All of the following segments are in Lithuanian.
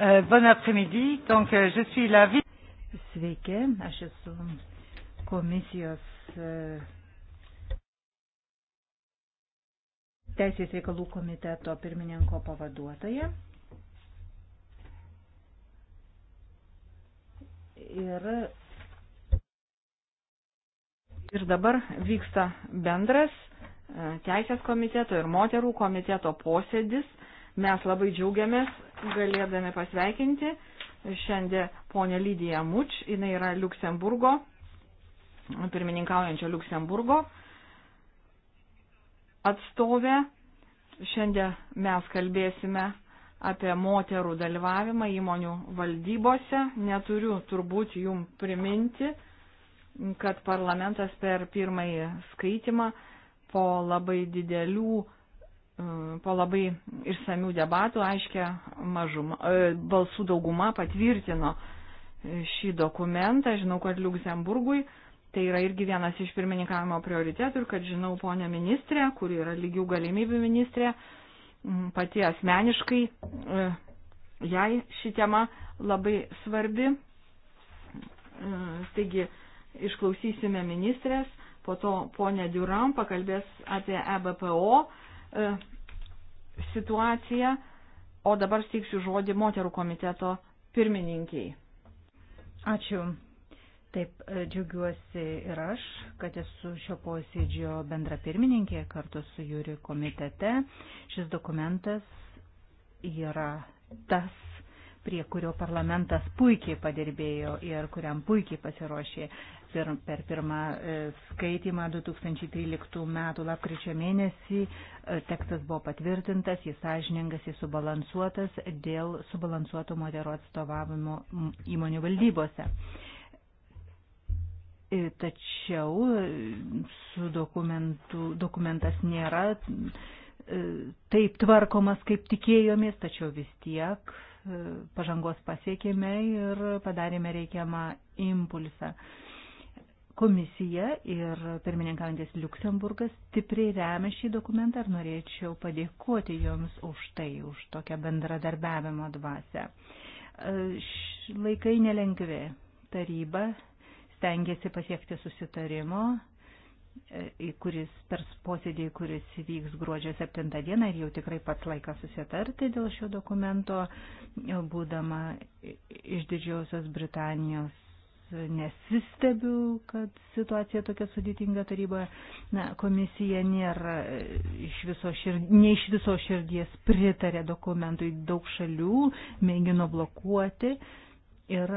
Euh, bon après-midi. Donc, euh, je suis la vice. Sveiki, aš esu komisijos e, Teisės reikalų komiteto pirmininko pavaduotoja. Ir, ir dabar vyksta bendras e, Teisės komiteto ir moterų komiteto posėdis Mes labai džiaugiamės galėdami pasveikinti šiandien ponę Lydiją Muč, jinai yra Luksemburgo, pirmininkaujančio Luksemburgo atstovė. Šiandien mes kalbėsime apie moterų dalyvavimą įmonių valdybose. Neturiu turbūt jum priminti, kad parlamentas per pirmąjį skaitimą po labai didelių E, po labai išsamių debatų aiškia mažuma, e, balsų dauguma patvirtino e, šį dokumentą. Žinau, kad Luksemburgui tai yra irgi vienas iš pirmininkavimo prioritetų ir kad žinau ponę ministrę, kuri yra lygių galimybių ministrė, mm, pati asmeniškai jai ši tema labai svarbi. Taigi išklausysime ministrės, po to ponė Duram pakalbės apie EBPO situaciją, o dabar steiksiu žodį moterų komiteto pirmininkiai. Ačiū. Taip, e, džiaugiuosi ir aš, kad esu šio posėdžio bendra pirmininkė kartu su Jūri komitete. Šis dokumentas yra tas, prie kurio parlamentas puikiai padirbėjo ir kuriam puikiai pasiruošė pir, per pirmą skaitimą 2013 m. lapkričio mėnesį e, tekstas buvo patvirtintas, jis sąžiningas, jis subalansuotas dėl subalansuoto moterų atstovavimo įmonių valdybose. E, tačiau e, su dokumentas nėra taip tvarkomas, kaip tikėjomės, tačiau vis tiek pažangos pasiekėme ir padarėme reikiamą impulsą. Komisija ir pirmininkantis Luksemburgas stipriai remia šį dokumentą ir norėčiau padėkoti joms už tai, už tokią bendradarbiavimo dvasę. E, laikai nelengvi. Taryba stengiasi pasiekti susitarimo, e, kuris per posėdį, kuris vyks gruodžio 7 dieną ir jau tikrai pats laikas susitarti dėl šio dokumento, būdama iš Didžiosios Britanijos nesistebiu, kad situacija tokia sudėtinga taryboje. Na, komisija nėra e, iš viso, šird, ne iš viso širdies pritarė dokumentui daug šalių, mėgino blokuoti. Ir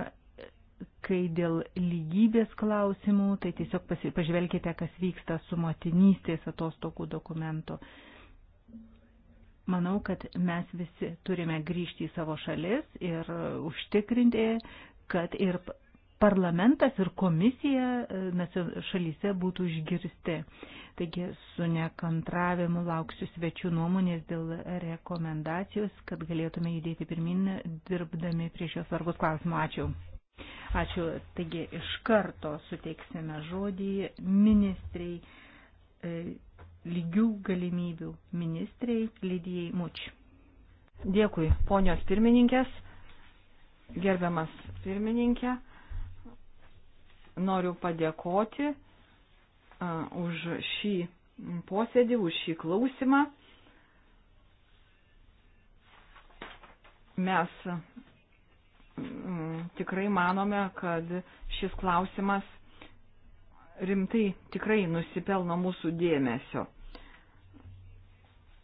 kai dėl lygybės klausimų, tai tiesiog pasi, pažvelkite, kas vyksta su motinystės atostogų dokumentu. Manau, kad mes visi turime grįžti į savo šalis ir užtikrinti, kad ir parlamentas ir komisija e, šalyse būtų išgirsti. Taigi su nekantravimu lauksiu svečių nuomonės dėl rekomendacijos, kad galėtume judėti pirmin, dirbdami prie šios svarbus klausimo. Ačiū. Ačiū. Taigi iš karto suteiksime žodį ministrei e, lygių galimybių ministrei Lydijai Muč. Dėkui, ponios pirmininkės, gerbiamas pirmininkė, noriu padėkoti už šį posėdį, už šį klausimą. Mes tikrai manome, kad šis klausimas rimtai tikrai nusipelno mūsų dėmesio.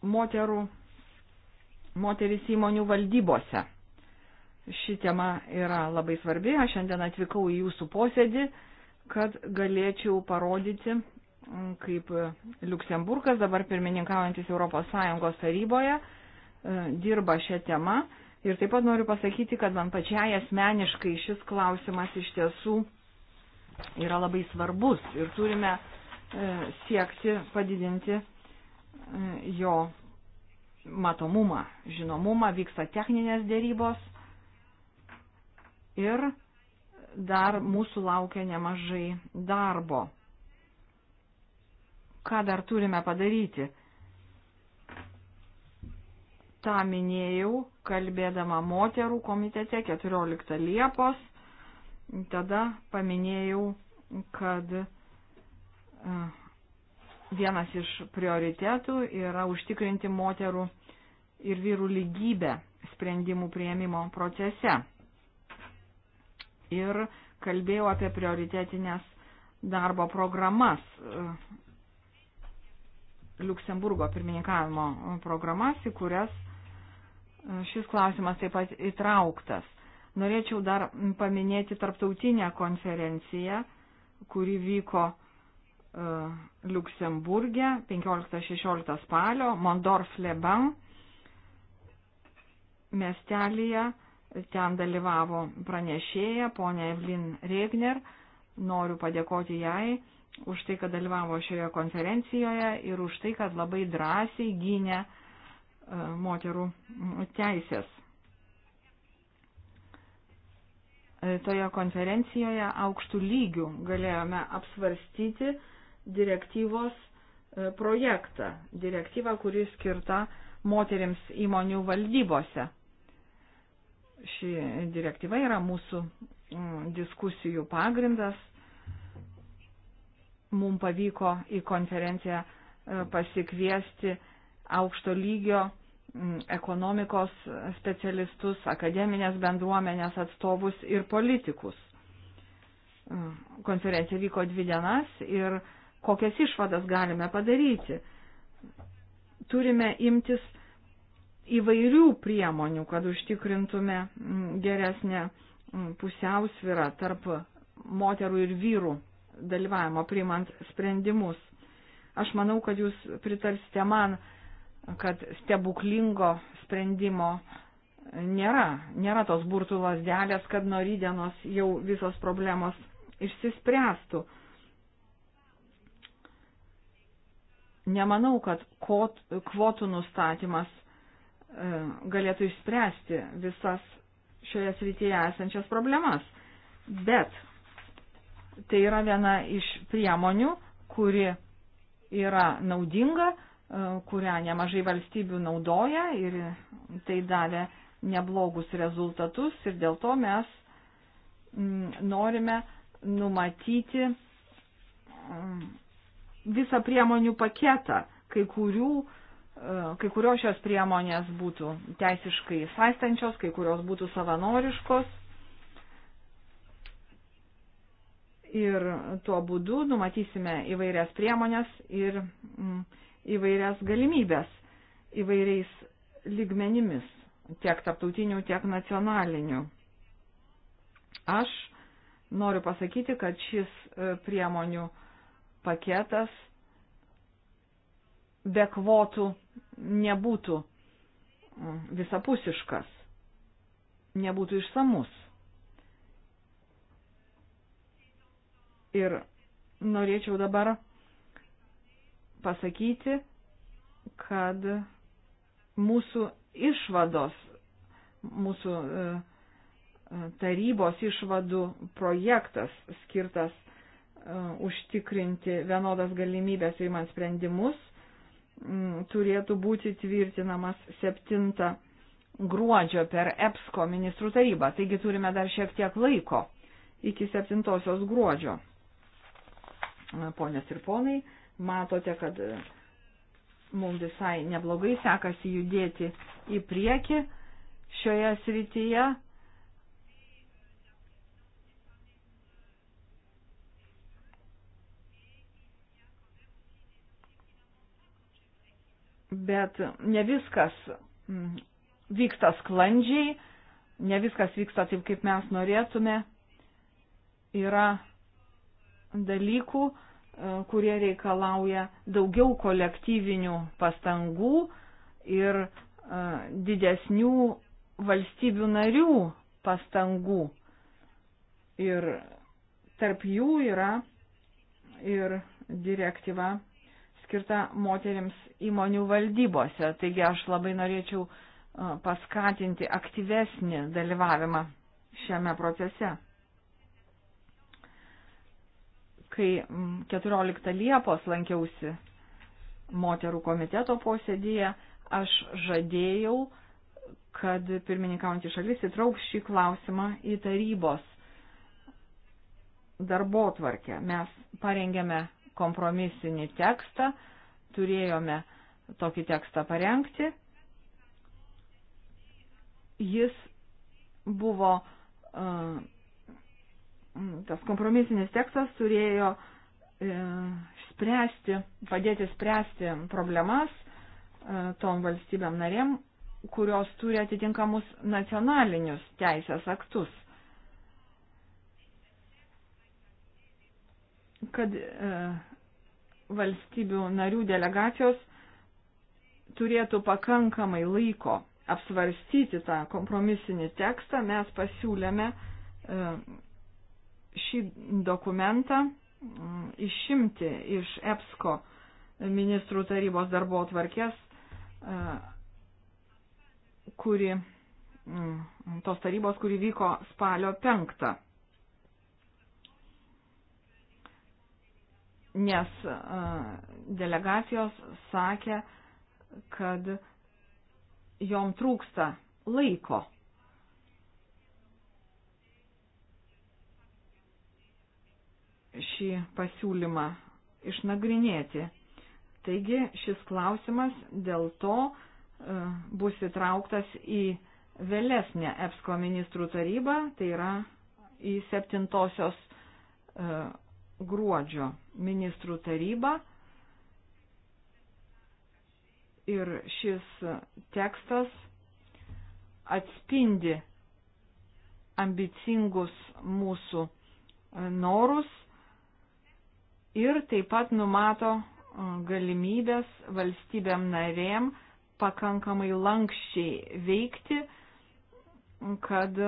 Moterų, moteris įmonių valdybose ši tema yra labai svarbi. Aš šiandien atvykau į jūsų posėdį, kad galėčiau parodyti, kaip Luksemburgas, dabar pirmininkaujantis ES taryboje, e, dirba šią temą. Ir taip pat noriu pasakyti, kad man pačiai asmeniškai šis klausimas iš tiesų yra labai svarbus ir turime e, siekti padidinti e, jo matomumą, žinomumą, vyksta techninės dėrybos ir dar mūsų laukia nemažai darbo. Ką dar turime padaryti? tą minėjau, kalbėdama moterų komitete 14 Liepos. Tada paminėjau, kad e, vienas iš prioritetų yra užtikrinti moterų ir vyrų lygybę sprendimų prieimimo procese ir kalbėjau apie prioritetinės darbo programas, e, Luksemburgo pirmininkavimo programas, į kurias e, šis klausimas taip pat įtrauktas. Norėčiau dar paminėti tarptautinę konferenciją, kuri vyko e, Luksemburgė 15-16 spalio, Mondorf Leban miestelėje Ten dalyvavo pranešėja, ponia Evelyn Regner. Noriu padėkoti jai už tai, kad dalyvavo šioje konferencijoje ir už tai, kad labai drąsiai gynė e, moterų teisės. E, toje konferencijoje aukštų lygių galėjome apsvarstyti direktyvos e, projektą, direktyvą, kuri skirta moteriams įmonių valdybose. Ši direktyva yra mūsų mm, diskusijų pagrindas. Mums pavyko į konferenciją e, pasikviesti aukšto lygio mm, ekonomikos specialistus, akademinės bendruomenės atstovus ir politikus. E, konferencija vyko dvi dienas ir kokias išvadas galime padaryti. Turime imtis įvairių priemonių, kad užtikrintume mm, geresnę mm, pusiausvyrą tarp moterų ir vyrų dalyvavimo priimant sprendimus. Aš manau, kad jūs pritarsite man, kad stebuklingo sprendimo nėra. Nėra tos burtų lasdelės, kad nuo rydienos jau visos problemos išsispręstų. Nemanau, kad kvotų nustatymas E, galėtų išspręsti visas šioje srityje esančias problemas. Bet tai yra viena iš priemonių, kuri yra naudinga, e, kurią nemažai valstybių naudoja ir tai davė neblogus rezultatus ir dėl to mes norime numatyti visą priemonių paketą, kai kurių uh, kai kurios šios priemonės būtų teisiškai saistančios, kai kurios būtų savanoriškos. Ir tuo būdu numatysime įvairias priemonės ir mm, įvairias galimybės įvairiais lygmenimis, tiek tarptautinių, tiek nacionalinių. Aš noriu pasakyti, kad šis e, priemonių paketas be kvotų nebūtų mm, visapusiškas, nebūtų išsamus. Ir norėčiau dabar pasakyti, kad mūsų išvados, mūsų e, e, tarybos išvadų projektas skirtas e, užtikrinti vienodas galimybės įmant sprendimus – Mm, turėtų būti tvirtinamas 7 gruodžio per EPSCO ministrų tarybą. Taigi turime dar šiek tiek laiko iki 7 gruodžio. Ponės ir ponai, matote, kad e, mums visai neblogai sekasi judėti į priekį šioje srityje. bet ne viskas mm, vyksta sklandžiai, ne viskas vyksta taip, kaip mes norėtume. Yra dalykų, e, kurie reikalauja daugiau kolektyvinių pastangų ir e, didesnių valstybių narių pastangų. Ir tarp jų yra ir direktyva skirta moteriams įmonių valdybose. Taigi aš labai norėčiau paskatinti aktyvesnį dalyvavimą šiame procese. Kai 14 Liepos lankiausi moterų komiteto posėdėje, aš žadėjau, kad pirmininkaujantį šalis įtrauks šį klausimą į tarybos darbo tvarkę. Mes parengėme kompromisinį tekstą, turėjome tokį tekstą parengti. Jis buvo, e, tas kompromisinis tekstas turėjo e, spręsti, padėti spręsti problemas e, tom valstybėm narėm, kurios turi atitinkamus nacionalinius teisės aktus. kad e, valstybių narių delegacijos turėtų pakankamai laiko apsvarstyti tą kompromisinį tekstą, mes pasiūlėme e, šį dokumentą mm, išimti iš EPSCO ministrų tarybos darbo atvarkės, e, kuri, mm, tos tarybos, kuri vyko spalio penktą. nes delegacijos sakė, kad jom trūksta laiko. šį pasiūlymą išnagrinėti. Taigi šis klausimas dėl to bus įtrauktas į vėlesnę EPSCO ministrų tarybą, tai yra į septintosios gruodžio ministrų taryba ir šis tekstas atspindi ambicingus mūsų e, norus ir taip pat numato e, galimybės valstybėm narėm pakankamai lankščiai veikti, kad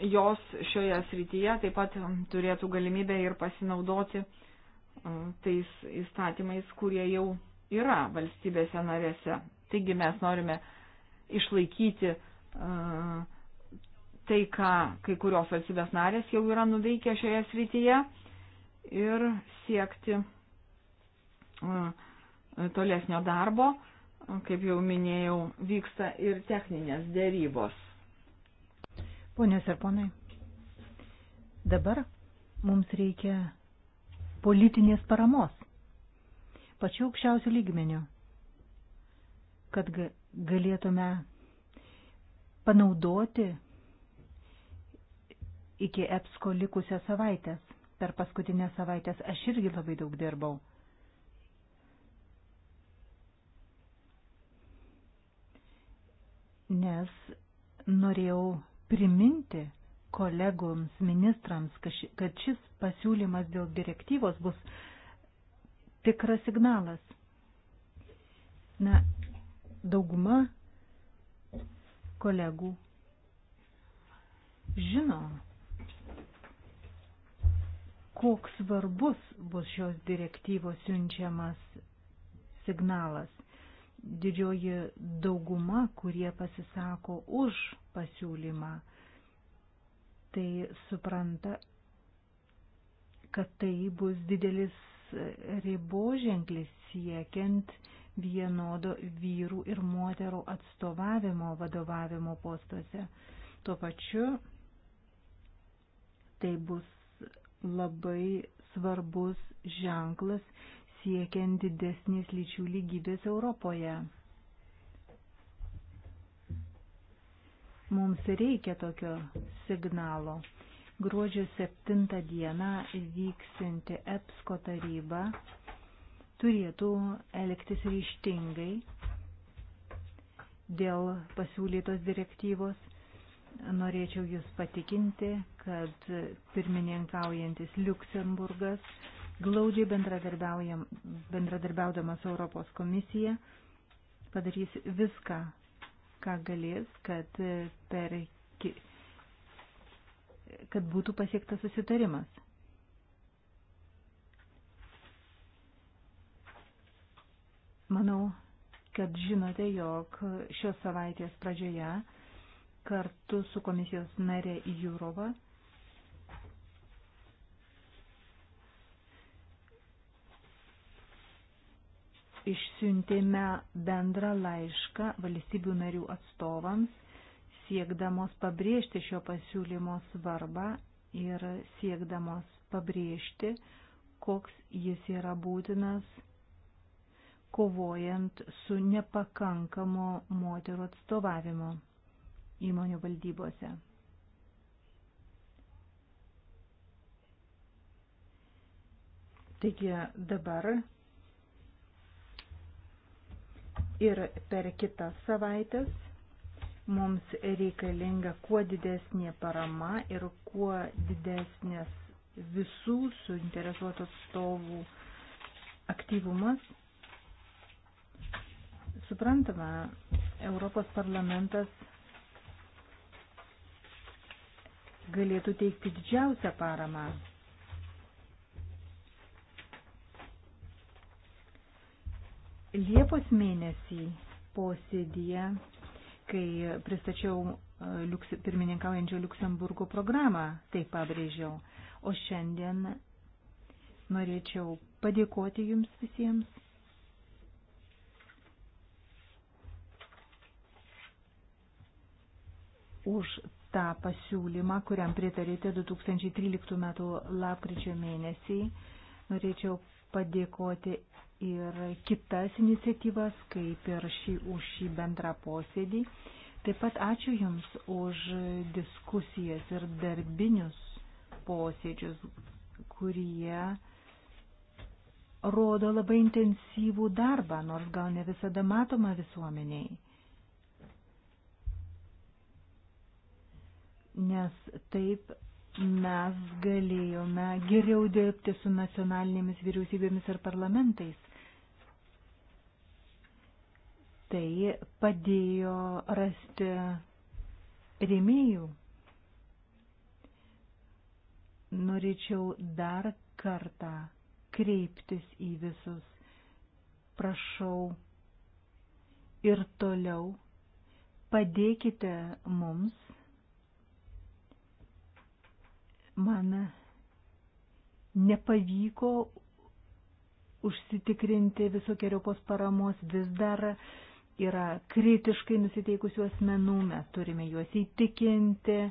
jos šioje srityje taip pat um, turėtų galimybę ir pasinaudoti um, tais įstatymais, kurie jau yra valstybėse narėse. Taigi mes norime išlaikyti uh, tai, ką kai kurios valstybės narės jau yra nuveikę šioje srityje ir siekti uh, tolesnio darbo. Kaip jau minėjau, vyksta ir techninės dėrybos. Ponios ir ponai, dabar mums reikia politinės paramos, pačiu aukščiausiu lygmeniu, kad galėtume panaudoti iki EPSCO likusią savaitės. Per paskutinę savaitės aš irgi labai daug dirbau. Nes norėjau priminti kolegoms ministrams, kad šis pasiūlymas dėl direktyvos bus tikras signalas. Na, dauguma kolegų žino, koks svarbus bus šios direktyvos siunčiamas signalas. Didžioji dauguma, kurie pasisako už pasiūlymą, tai supranta, kad tai bus didelis riboženklis siekiant vienodo vyrų ir moterų atstovavimo vadovavimo postuose. Tuo pačiu tai bus labai svarbus ženklas siekiant didesnės lyčių lygybės Europoje. Mums reikia tokio signalo. Gruodžio 7 dieną vyksinti EPSCO taryba turėtų elgtis ryštingai dėl pasiūlytos direktyvos. Norėčiau Jūs patikinti, kad pirmininkaujantis Luksemburgas glaudžiai bendradarbiaudamas Europos komisija padarys viską, ką galės, kad, e, per, kad būtų pasiektas susitarimas. Manau, kad žinote, jog šios savaitės pradžioje kartu su komisijos narė Jūrova išsiuntėme bendrą laišką valstybių narių atstovams, siekdamos pabrėžti šio pasiūlymo svarbą ir siekdamos pabrėžti, koks jis yra būtinas, kovojant su nepakankamo moterų atstovavimu įmonių valdybose. Taigi dabar ir per kitas savaitės mums reikalinga kuo didesnė parama ir kuo didesnės visų suinteresuotų atstovų aktyvumas. Suprantama, Europos parlamentas galėtų teikti didžiausią paramą Liepos mėnesį posėdėje, kai pristačiau e, liuks, pirmininkaujančio Luksemburgo programą, tai pabrėžiau. O šiandien norėčiau padėkoti jums visiems. už tą pasiūlymą, kuriam pritarėte 2013 m. lapkričio mėnesį. Norėčiau padėkoti ir kitas iniciatyvas, kaip ir šį, už šį bendrą posėdį. Taip pat ačiū Jums už diskusijas ir darbinius posėdžius, kurie rodo labai intensyvų darbą, nors gal ne visada matoma visuomeniai. Nes taip mes galėjome geriau dirbti su nacionalinėmis vyriausybėmis ir parlamentais. Tai padėjo rasti rėmėjų. Norėčiau dar kartą kreiptis į visus. Prašau ir toliau padėkite mums man nepavyko užsitikrinti visokiojopos paramos vis dar yra kritiškai nusiteikusių asmenų, mes turime juos įtikinti e,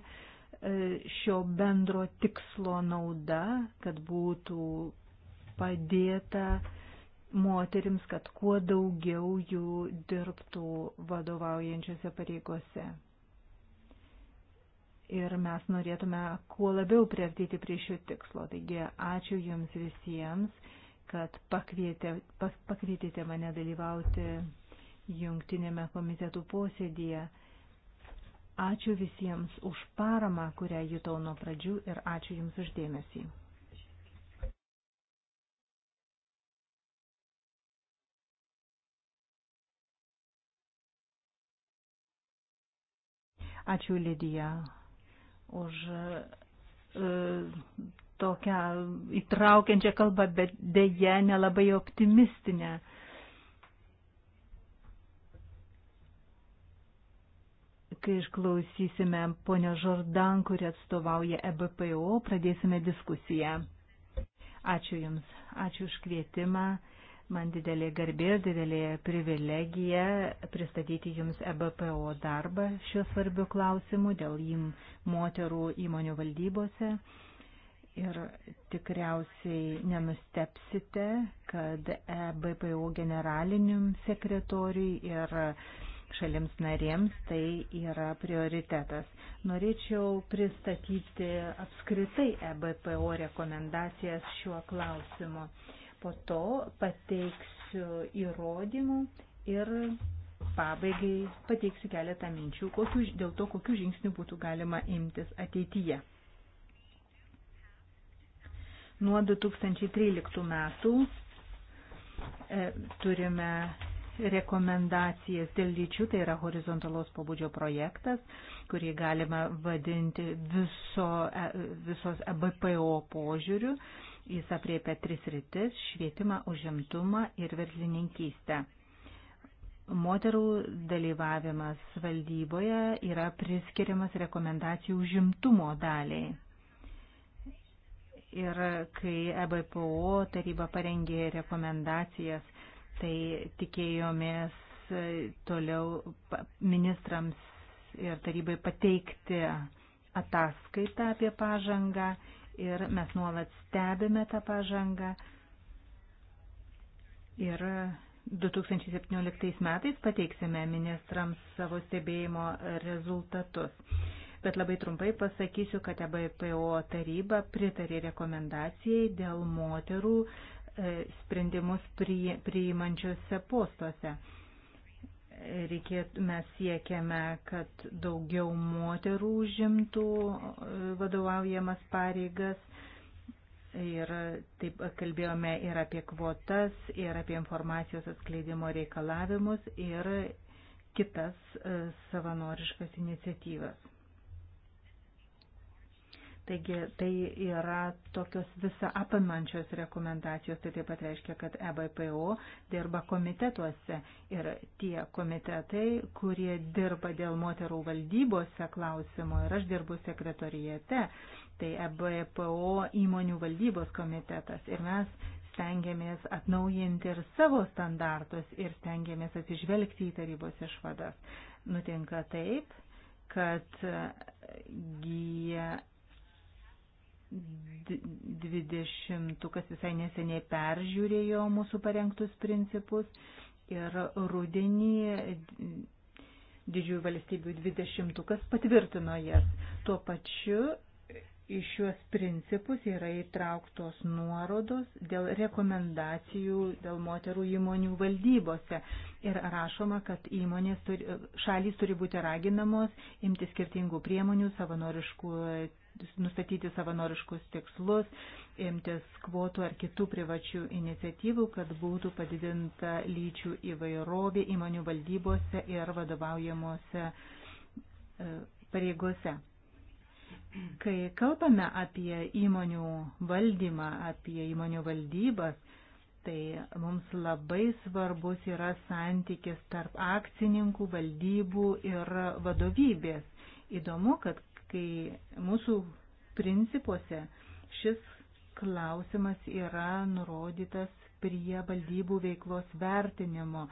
šio bendro tikslo nauda, kad būtų padėta moterims, kad kuo daugiau jų dirbtų vadovaujančiose pareigose ir mes norėtume kuo labiau priartėti prie šio tikslo. Taigi ačiū Jums visiems, kad pakvietė, pak, pakvietėte mane dalyvauti jungtinėme komitetų posėdėje. Ačiū visiems už paramą, kurią jutau nuo pradžių ir ačiū Jums uždėmesį. Ačiū Lidija už e, tokią įtraukiančią kalbą, bet dėje nelabai optimistinę. Kai išklausysime ponio Žordan, kuri atstovauja EBPO, pradėsime diskusiją. Ačiū Jums, ačiū už kvietimą Man didelė garbė ir didelė privilegija pristatyti Jums EBPO darbą šiuo svarbiu klausimu dėl jim moterų įmonių valdybose. Ir tikriausiai nenustepsite, kad EBPO generaliniam sekretoriui ir šalims narėms tai yra prioritetas. Norėčiau pristatyti apskritai EBPO rekomendacijas šiuo klausimu. Po to pateiksiu įrodymų ir pabaigai pateiksiu keletą minčių kokių, dėl to, kokių žingsnių būtų galima imtis ateityje. Nuo 2013 metų e, turime rekomendacijas dėl lyčių, tai yra horizontalos pobūdžio projektas, kurį galima vadinti viso, e, visos ABPO e požiūriu. Jis apriepia tris rytis - švietimą, užimtumą ir verslininkystę. Moterų dalyvavimas valdyboje yra priskiriamas rekomendacijų užimtumo daliai. Ir kai EBPO taryba parengė rekomendacijas, tai tikėjomės toliau ministrams ir tarybai pateikti ataskaitą apie pažangą ir mes nuolat stebime tą pažangą. Ir 2017 metais pateiksime ministrams savo stebėjimo rezultatus. Bet labai trumpai pasakysiu, kad EBPO taryba pritarė rekomendacijai dėl moterų e, sprendimus priimančiuose postuose reikėtų, mes siekiame, kad daugiau moterų užimtų e, vadovaujamas pareigas. Ir taip kalbėjome ir apie kvotas, ir apie informacijos atskleidimo reikalavimus, ir kitas e, savanoriškas iniciatyvas. Taigi tai yra tokios visą apimančios rekomendacijos, tai taip pat reiškia, kad EBPO dirba komitetuose ir tie komitetai, kurie dirba dėl moterų valdybose klausimo ir aš dirbu sekretorijete, tai EBPO įmonių valdybos komitetas ir mes stengiamės atnaujinti ir savo standartus ir stengiamės atsižvelgti į tarybos išvadas. Nutinka taip, kad gyja dvidešimtukas visai neseniai peržiūrėjo mūsų parengtus principus ir rudenį didžiųjų valstybių dvidešimtukas patvirtino jas. Tuo pačiu į šiuos principus yra įtrauktos nuorodos dėl rekomendacijų dėl moterų įmonių valdybose ir rašoma, kad įmonės turi, šalys turi būti raginamos imti skirtingų priemonių, savanoriškų, nustatyti savanoriškus tikslus, imtis kvotų ar kitų privačių iniciatyvų, kad būtų padidinta lyčių įvairovė įmonių valdybose ir vadovaujamuose e, pareigose. Kai kalbame apie įmonių valdymą, apie įmonių valdybas, tai mums labai svarbus yra santykis tarp akcininkų, valdybų ir vadovybės. Įdomu, kad kai mūsų principuose šis klausimas yra nurodytas prie valdybų veiklos vertinimo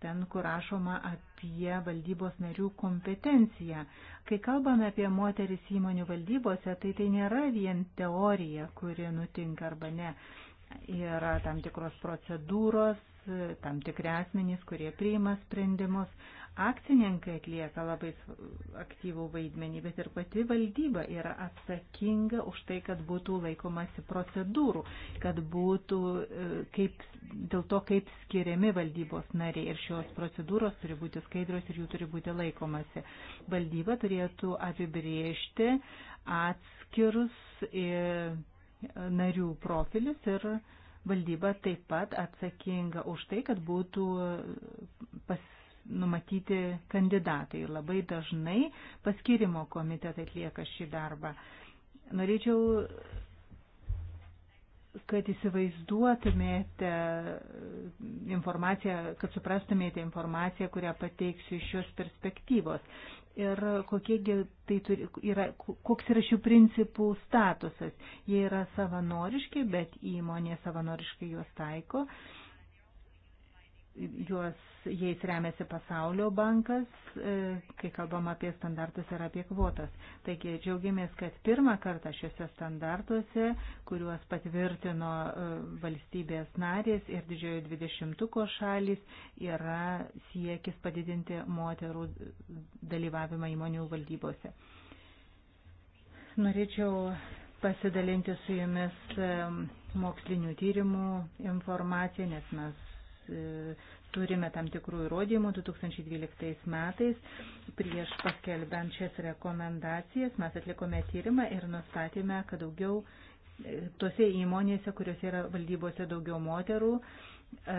ten, kur rašoma apie valdybos narių kompetenciją. Kai kalbame apie moteris įmonių valdybose, tai tai nėra vien teorija, kuri nutinka arba ne. Yra tam tikros procedūros, tam tikri asmenys, kurie priima sprendimus, akcininkai atlieka labai aktyvų vaidmenį, bet ir pati valdyba yra atsakinga už tai, kad būtų laikomasi procedūrų, kad būtų e, kaip, dėl to, kaip skiriami valdybos nariai ir šios procedūros turi būti skaidrios ir jų turi būti laikomasi. Valdyba turėtų apibriežti atskirus e, narių profilius ir valdyba taip pat atsakinga už tai, kad būtų e, pas numatyti kandidatai. Labai dažnai paskirimo komitetai atlieka šį darbą. Norėčiau, kad įsivaizduotumėte informaciją, kad suprastumėte informaciją, kurią pateiksiu iš šios perspektyvos. Ir kokiegi tai turi, yra, koks yra šių principų statusas. Jie yra savanoriški, bet įmonė savanoriškai juos taiko. Uh, juos, jais remiasi pasaulio bankas, e, kai kalbam apie standartus ir apie kvotas. Taigi džiaugiamės, kad pirmą kartą šiuose standartuose, kuriuos patvirtino e, valstybės narės ir didžiojo dvidešimtuko šalis, yra siekis padidinti moterų dalyvavimą įmonių valdybose. Norėčiau pasidalinti su jumis e, mokslinių tyrimų informaciją, nes mes E, turime tam tikrų įrodymų 2012 metais. Prieš paskelbent šias rekomendacijas mes atlikome tyrimą ir nustatėme, kad daugiau e, tose įmonėse, kuriuose yra valdybose daugiau moterų, e,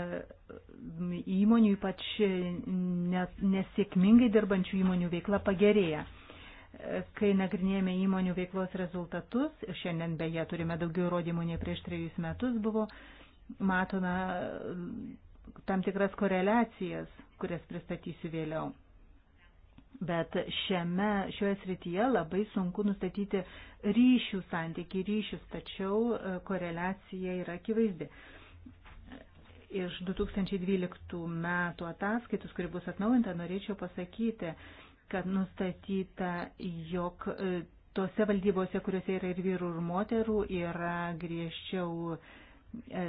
įmonių, ypač nesėkmingai dirbančių įmonių veikla pagerėja. Kai nagrinėjame įmonių veiklos rezultatus, šiandien beje turime daugiau įrodymų nei prieš trejus metus buvo, matome tam tikras koreliacijas, kurias pristatysiu vėliau. Bet šiame, šioje srityje labai sunku nustatyti ryšių santykių ryšius, tačiau e, koreliacija yra akivaizdi. Iš 2012 metų ataskaitus, kuri bus atnaujinta, norėčiau pasakyti, kad nustatyta, jog e, tose valdybose, kuriuose yra ir vyrų, ir moterų, yra griežčiau e,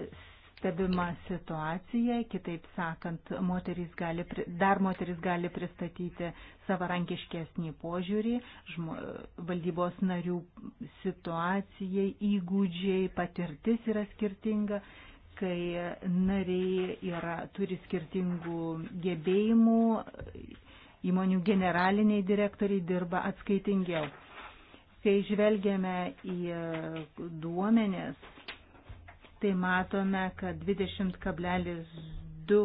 stebima situacija, kitaip sakant, moteris gali, dar moteris gali pristatyti savarankiškesnį požiūrį, žmo, valdybos narių situacijai, įgūdžiai, patirtis yra skirtinga, kai nariai yra, turi skirtingų gebėjimų, įmonių generaliniai direktoriai dirba atskaitingiau. Kai žvelgiame į duomenės, tai matome, kad 20,2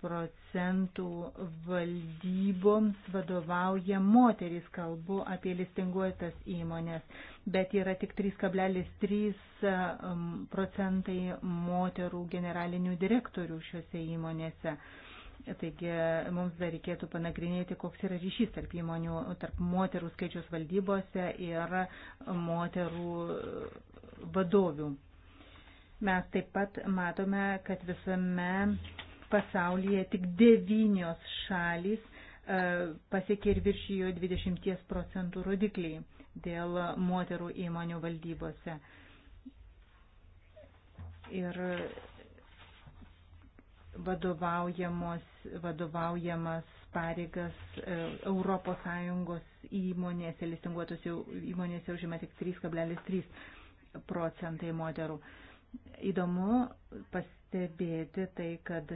procentų valdyboms vadovauja moterys, kalbu apie listinguotas įmonės, bet yra tik 3,3 um, procentai moterų generalinių direktorių šiuose įmonėse. Taigi mums dar reikėtų panagrinėti, koks yra ryšys tarp įmonių, tarp moterų skaičius valdybose ir moterų vadovių. Mes taip pat matome, kad visame pasaulyje tik devynios šalys e, pasiekė ir viršijo 20 procentų rodikliai dėl moterų įmonių valdybose. Ir vadovaujamas pareigas ES įmonėse, listinguotose įmonėse užima tik 3,3 procentai moterų. Įdomu pastebėti tai, kad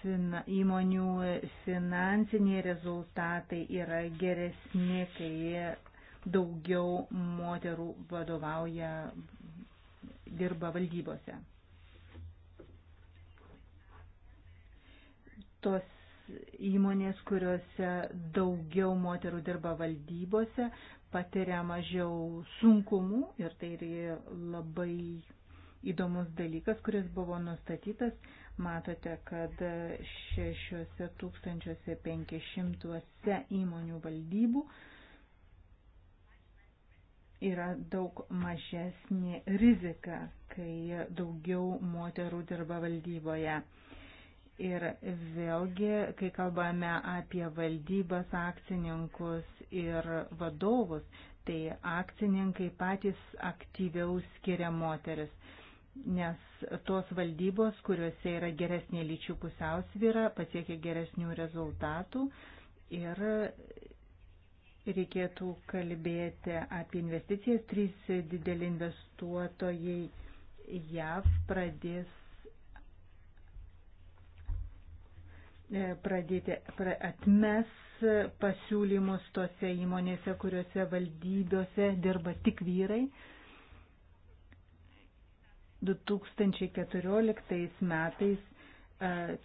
fina, įmonių finansiniai rezultatai yra geresni, kai daugiau moterų vadovauja, dirba valdybose. Tos įmonės, kuriuose daugiau moterų dirba valdybose, patiria mažiau sunkumų ir tai yra labai įdomus dalykas, kuris buvo nustatytas. Matote, kad 6500 įmonių valdybų yra daug mažesnė rizika, kai daugiau moterų dirba valdyboje. Ir vėlgi, kai kalbame apie valdybas, akcininkus ir vadovus, tai akcininkai patys aktyviau skiria moteris, nes tos valdybos, kuriuose yra geresnė lyčių pusiausvyra, pasiekia geresnių rezultatų ir reikėtų kalbėti apie investicijas. Trys dideli investuotojai JAV pradės E, pradėti pra, atmes pasiūlymus tose įmonėse, kuriuose valdybose dirba tik vyrai. 2014 metais e,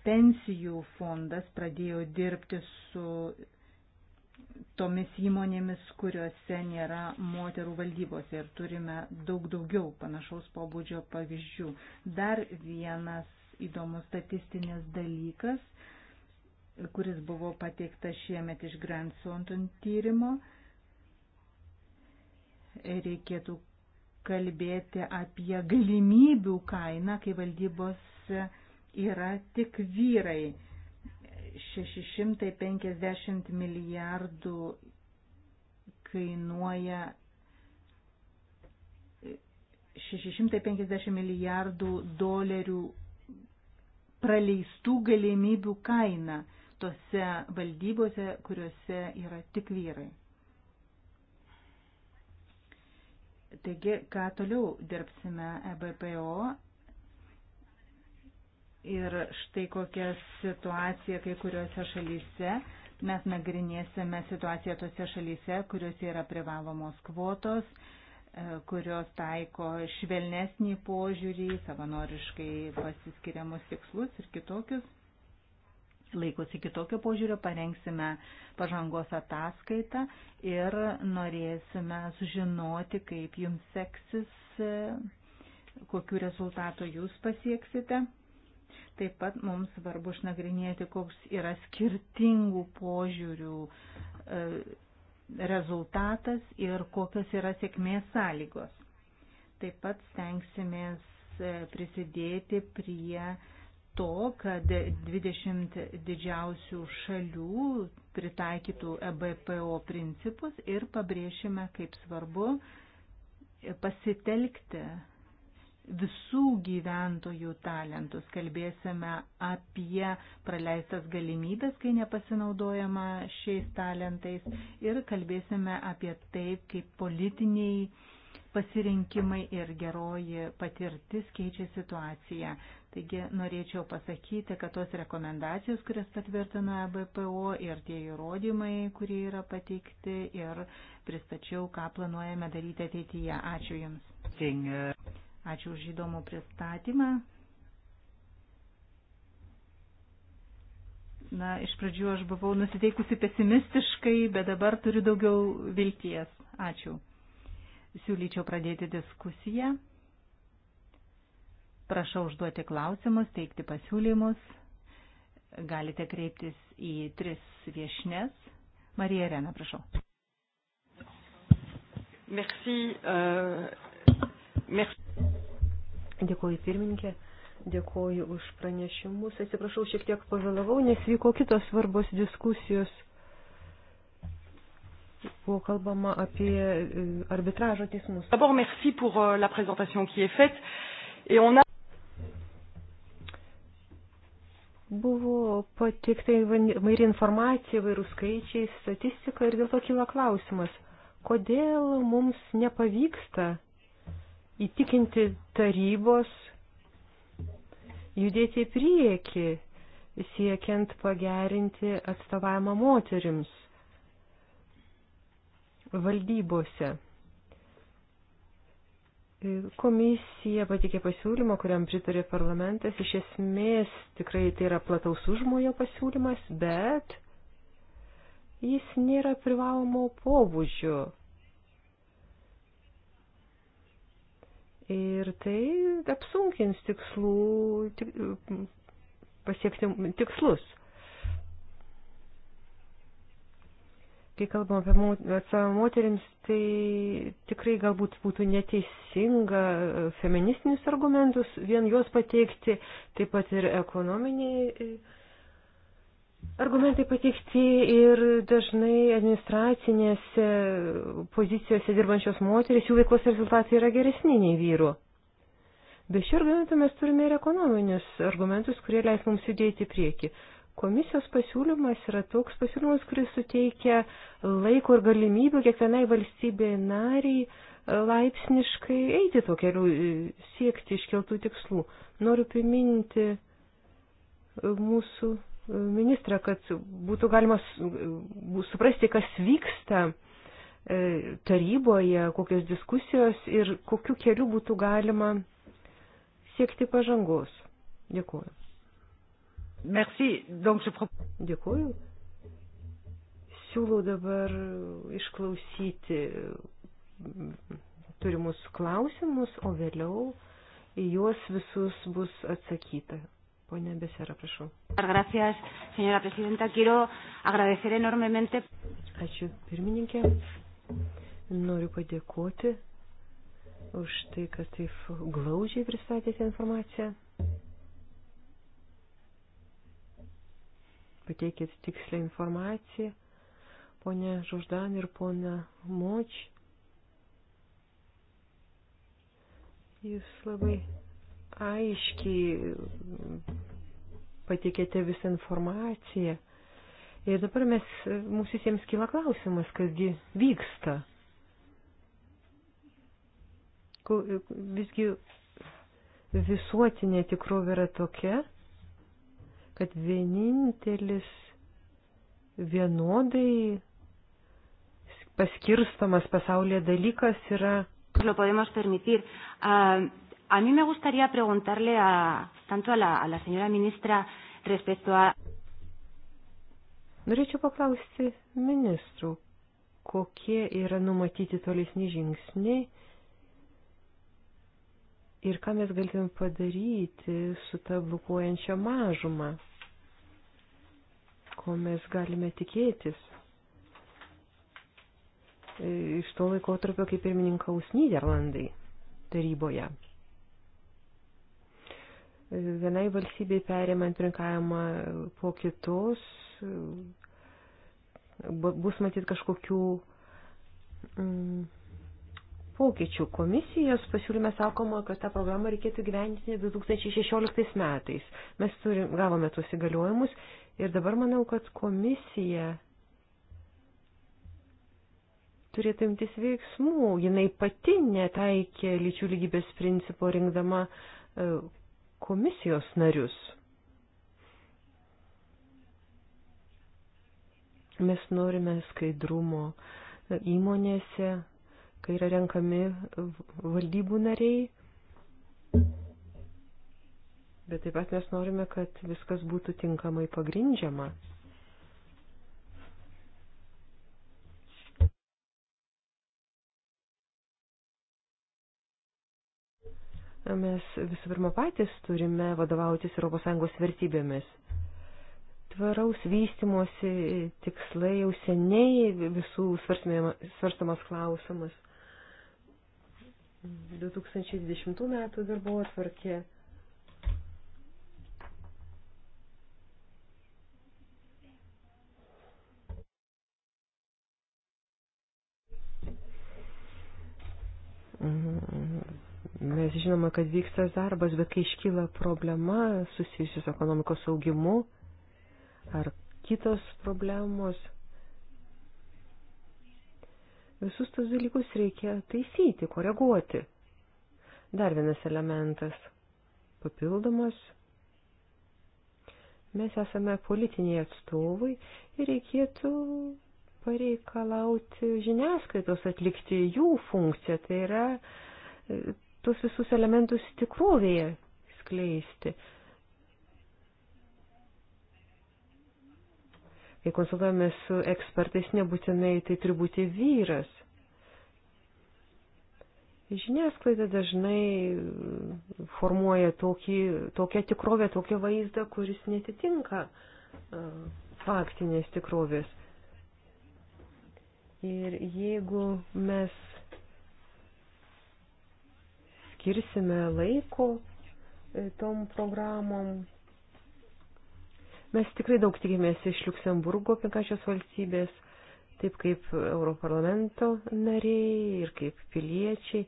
pensijų fondas pradėjo dirbti su tomis įmonėmis, kuriuose nėra moterų valdybose ir turime daug daugiau panašaus pobūdžio pavyzdžių. Dar vienas įdomus statistinis dalykas kuris buvo pateiktas šiemet iš Grand Sonton tyrimo. Reikėtų kalbėti apie galimybių kainą, kai valdybos yra tik vyrai. 650 milijardų kainuoja 650 milijardų dolerių praleistų galimybių kaina tose valdybose, kuriuose yra tik vyrai. Taigi, ką toliau dirbsime EBPO ir štai kokia situacija kai kuriuose šalyse. Mes nagrinėsime situaciją tose šalyse, kuriuose yra privalomos kvotos, e, kurios taiko švelnesnį požiūrį, savanoriškai pasiskiriamus tikslus ir kitokius laikosi kitokio požiūrio, parengsime pažangos ataskaitą ir norėsime sužinoti, kaip jums seksis, kokiu rezultatu jūs pasieksite. Taip pat mums svarbu išnagrinėti, koks yra skirtingų požiūrių e, rezultatas ir kokios yra sėkmės sąlygos. Taip pat stengsimės e, prisidėti prie to, kad 20 didžiausių šalių pritaikytų EBPO principus ir pabrėšime, kaip svarbu pasitelkti visų gyventojų talentus. Kalbėsime apie praleistas galimybės, kai nepasinaudojama šiais talentais ir kalbėsime apie taip, kaip politiniai pasirinkimai ir geroji patirtis keičia situaciją. Taigi norėčiau pasakyti, kad tos rekomendacijos, kurias patvirtino EBPO ir tie įrodymai, kurie yra pateikti ir pristačiau, ką planuojame daryti ateityje. Ačiū Jums. Ačiū už įdomų pristatymą. Na, iš pradžių aš buvau nusiteikusi pesimistiškai, bet dabar turiu daugiau vilties. Ačiū siūlyčiau pradėti diskusiją. Prašau užduoti klausimus, teikti pasiūlymus. Galite kreiptis į tris viešnes. Marija Rena, prašau. Merci, uh, merci. Dėkuoju pirmininkė, dėkuoju už pranešimus. Atsiprašau, šiek tiek pavėlavau, nes vyko kitos svarbos diskusijos buvo kalbama apie e, arbitražo teismus. D'abord, merci pour euh, la présentation qui est faite. Et on a... Buvo pateikta įvairi informacija, įvairių skaičiai, statistika ir dėl to kyla klausimas, kodėl mums nepavyksta įtikinti tarybos judėti į priekį, siekiant pagerinti atstovavimą moterims valdybose. Komisija patikė pasiūlymą, kuriam pritarė parlamentas. Iš esmės tikrai tai yra plataus užmojo pasiūlymas, bet jis nėra privalomo pobūdžio. Ir tai apsunkins tikslų, tik, pasiekti tikslus. kai kalbam apie atstovą moteriams, tai tikrai galbūt būtų neteisinga e, feministinius argumentus vien juos pateikti, taip pat ir ekonominiai e, argumentai pateikti ir dažnai administracinėse pozicijose dirbančios moteris, jų veiklos rezultatai yra geresni nei vyrų. Be šių argumentų mes turime ir ekonominius argumentus, kurie leis mums judėti į priekį. Komisijos pasiūlymas yra toks pasiūlymas, kuris suteikia laiko ir galimybių kiekvienai valstybei nariai e, laipsniškai eiti tuo keliu, e, siekti iškeltų tikslų. Noriu priminti e, mūsų ministrą, kad būtų galima suprasti, kas vyksta taryboje, kokios diskusijos ir kokiu keliu būtų galima siekti pažangos. Dėkuoju. Merci. Donc, je... Dėkuoju. Siūlau dabar išklausyti turimus klausimus, o vėliau į juos visus bus atsakyta. Pone Besera, prašau. Gracias, señora presidenta. Quiero agradecer enormemente. Ačiū, pirmininkė. Noriu padėkoti už tai, kad taip glaudžiai pristatėte informaciją. pateikėt tikslę informaciją, ponė Žuždan ir ponė Moč. Jūs labai aiškiai pateikėte visą informaciją. Ir dabar mes, mūsų visiems kyla klausimas, kasgi vyksta. Visgi visuotinė tikrovė yra tokia, kad vienintelis vienodai paskirstomas pasaulyje dalykas yra. Lo podemos permitir. Uh, a mí me gustaría preguntarle a, tanto a la, a la señora ministra respecto a. Norėčiau paklausti ministrų, kokie yra numatyti tolesni žingsniai ir ką mes galėtume padaryti su ta blokuojančia mažuma ko mes galime tikėtis e, iš to laikotarpio, kai pirmininkaus Niderlandai taryboje. E, vienai valstybei perėmant prinkavimą po kitos e, bus matyt kažkokių mm, pokyčių. Komisijos pasiūlyme sakoma, kad tą programą reikėtų gyventi 2016 metais. Mes turim, gavome tuos įgaliojimus Ir dabar manau, kad komisija turėtų imtis veiksmų. Jinai pati netaikė lyčių lygybės principo rinkdama e, komisijos narius. Mes norime skaidrumo e, įmonėse, kai yra renkami valdybų nariai. Bet taip pat mes norime, kad viskas būtų tinkamai pagrindžiama. Mes visų pirma patys turime vadovautis ES vertybėmis. Tvaraus vystimosi tikslai jau seniai visų svarstamas klausimas. 2020 metų darbo atvarkė Mhm, mhm. Mes žinome, kad vyksta darbas, bet kai iškyla problema susijusi su ekonomikos augimu ar kitos problemos, visus tos dalykus reikia taisyti, koreguoti. Dar vienas elementas - papildomas. Mes esame politiniai atstovai ir reikėtų pareikalauti žiniasklaidos atlikti jų funkciją, tai yra e, tuos visus elementus tikrovėje skleisti. Kai konsultuojame su ekspertais, nebūtinai tai turi būti vyras. Žiniasklaida dažnai e, formuoja tokį, tokią tikrovę, tokią vaizdą, kuris netitinka e, faktinės tikrovės. Ir jeigu mes skirsime laiko e, tom programom, mes tikrai daug tikimės iš Luksemburgo penkačios valstybės, taip kaip Europarlamento nariai ir kaip piliečiai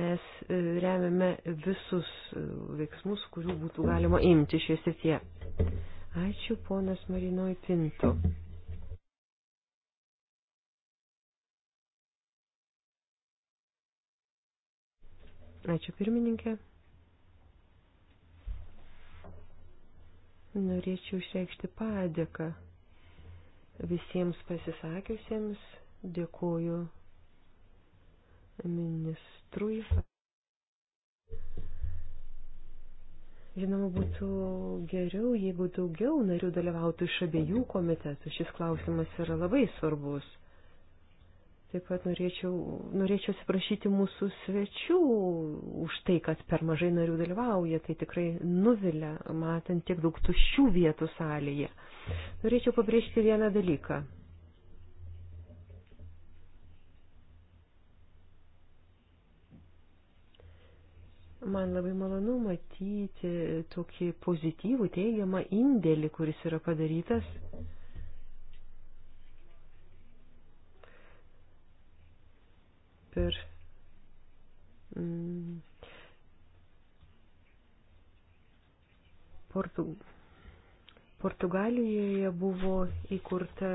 mes e, remiame visus e, veiksmus, kurių būtų galima imti šioje srityje. Ačiū, ponas Marinoj Pinto. Ačiū pirmininkė. Norėčiau išreikšti padėką visiems pasisakiusiems. Dėkuoju ministrui. Žinoma, būtų geriau, jeigu daugiau narių dalyvautų iš abiejų komitetų. Šis klausimas yra labai svarbus. Taip pat norėčiau, norėčiau atsiprašyti mūsų svečių už tai, kad per mažai narių dalyvauja. Tai tikrai nuvilia, matant tiek daug tuščių vietų salėje. Norėčiau pabrėžti vieną dalyką. Man labai malonu matyti tokį pozityvų, teigiamą indėlį, kuris yra padarytas Mm. Portu... Portugalijoje buvo įkurta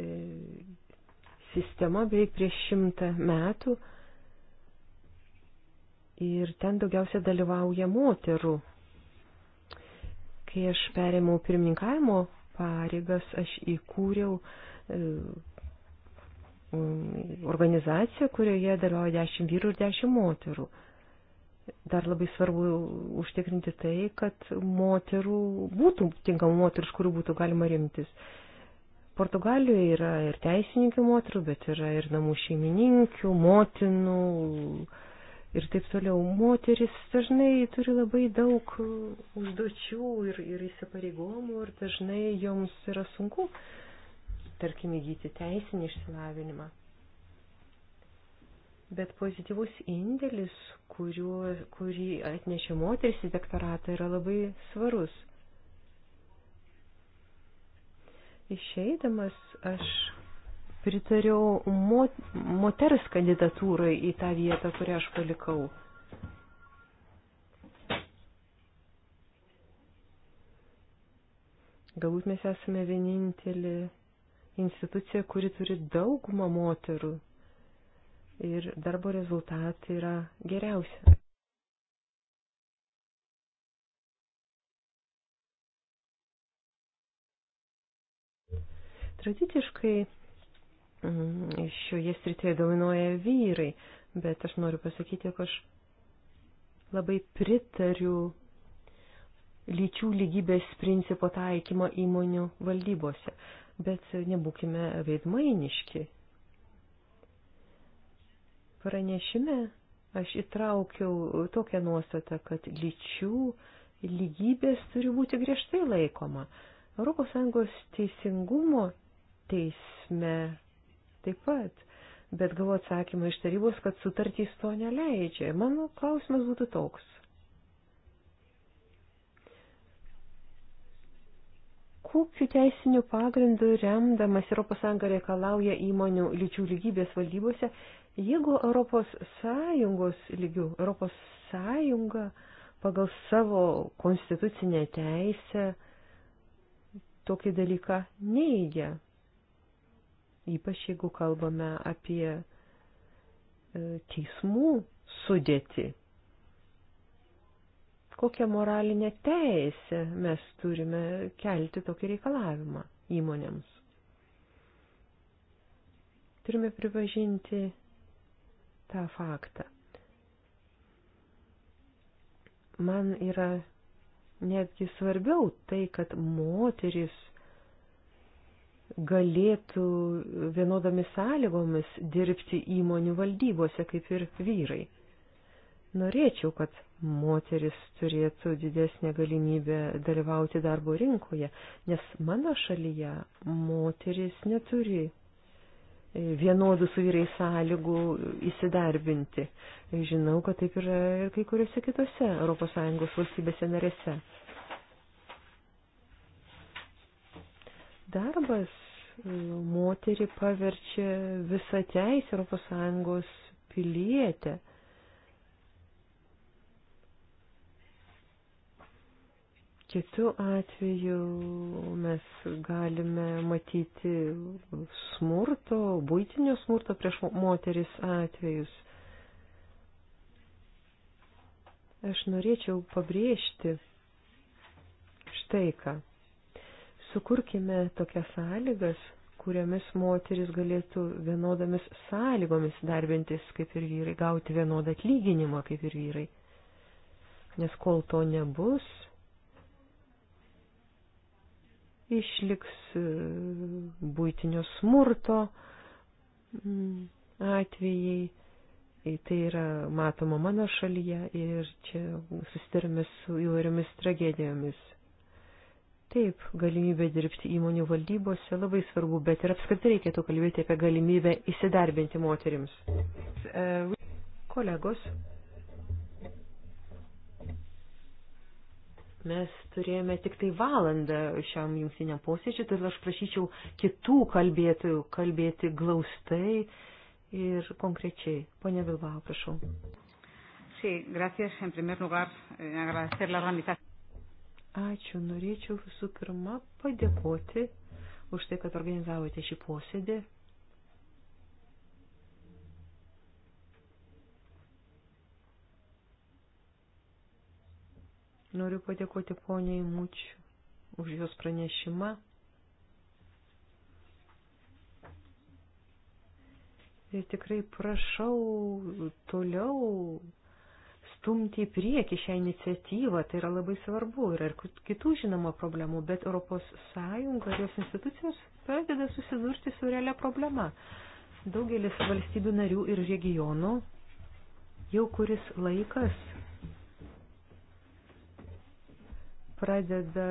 e, sistema beveik prieš šimtą metų ir ten daugiausia dalyvauja moterų. Kai aš perėmiau pirmininkavimo pareigas, aš įkūriau e, Mm, organizacija, kurioje dalyvauja 10 vyrų ir 10 moterų. Dar labai svarbu užtikrinti tai, kad moterų būtų tinkamų moterų, iš kurių būtų galima rimtis. Portugalijoje yra ir teisininkių moterų, bet yra ir namų šeimininkių, motinų ir taip toliau. Moteris dažnai turi labai daug užduočių ir, ir įsipareigomų ir dažnai joms yra sunku uh, tarkim, įgyti teisinį išsilavinimą. Bet pozityvus indėlis, kuriuo, kurį atnešė moteris į dektoratą, yra labai svarus. Išeidamas aš pritariau mot, moters kandidatūrai į tą vietą, kurią aš palikau. Galbūt mes esame vienintelė institucija, kuri turi daugumą moterų ir darbo rezultatai yra geriausia. Tradiciškai mm, šioje srityje dominuoja vyrai, bet aš noriu pasakyti, jog aš labai pritariu lyčių lygybės principo taikymo įmonių valdybose bet nebūkime veidmainiški. Pranešime aš įtraukiau tokią nuostatą, kad lyčių lygybės turi būti griežtai laikoma. ES teisingumo teisme taip pat, bet gavau atsakymą iš tarybos, kad sutartys to neleidžia. Mano klausimas būtų toks. kokiu teisiniu pagrindu remdamas ES reikalauja įmonių lyčių lygybės valdybose, jeigu ES lygių, ES pagal savo konstitucinę teisę tokį dalyką neigia. Ypač jeigu kalbame apie e, teismų sudėti kokią moralinę teisę mes turime kelti tokį reikalavimą įmonėms. Turime pripažinti tą faktą. Man yra netgi svarbiau tai, kad moteris galėtų vienodomis sąlygomis dirbti įmonių valdybose kaip ir vyrai norėčiau, kad moteris turėtų didesnę galimybę dalyvauti darbo rinkoje, nes mano šalyje moteris neturi e, vienodų su vyrais sąlygų įsidarbinti. Žinau, kad taip yra ir kai kuriuose kitose ES valstybėse narėse. Darbas e, moterį paverčia visą teisę ES pilietę Kitu atveju mes galime matyti smurto, būtinio smurto prieš moteris atvejus. Aš norėčiau pabrėžti štai ką. Sukurkime tokias sąlygas, kuriamis moteris galėtų vienodomis sąlygomis darbintis kaip ir vyrai, gauti vienodą atlyginimą kaip ir vyrai. Nes kol to nebus, išliks e, būtinio smurto mm, atvejai. Tai, tai yra matoma mano šalyje ir čia susitarėme su įvairiomis tragedijomis. Taip, galimybė dirbti įmonių valdybose labai svarbu, bet ir apskritai reikėtų kalbėti apie galimybę įsidarbinti moterims. Kolegos, Mes turėjome tik tai valandą šiam jungtiniam posėdžiui, todėl aš prašyčiau kitų kalbėtojų kalbėti glaustai ir konkrečiai. Pone Vilbao, prašau. Sí, gracias. En primer lugar, eh, agradecer la organización. Ačiū. Norėčiau visų pirma padėkoti už tai, kad organizavote šį posėdį. Noriu padėkoti poniai Muč už jos pranešimą. Ir tikrai prašau toliau stumti į priekį šią iniciatyvą, tai yra labai svarbu. Yra ir kitų žinoma problemų, bet Europos Sąjunga ir jos institucijos pradeda susidurti su realia problema. Daugelis valstybių narių ir regionų jau kuris laikas pradeda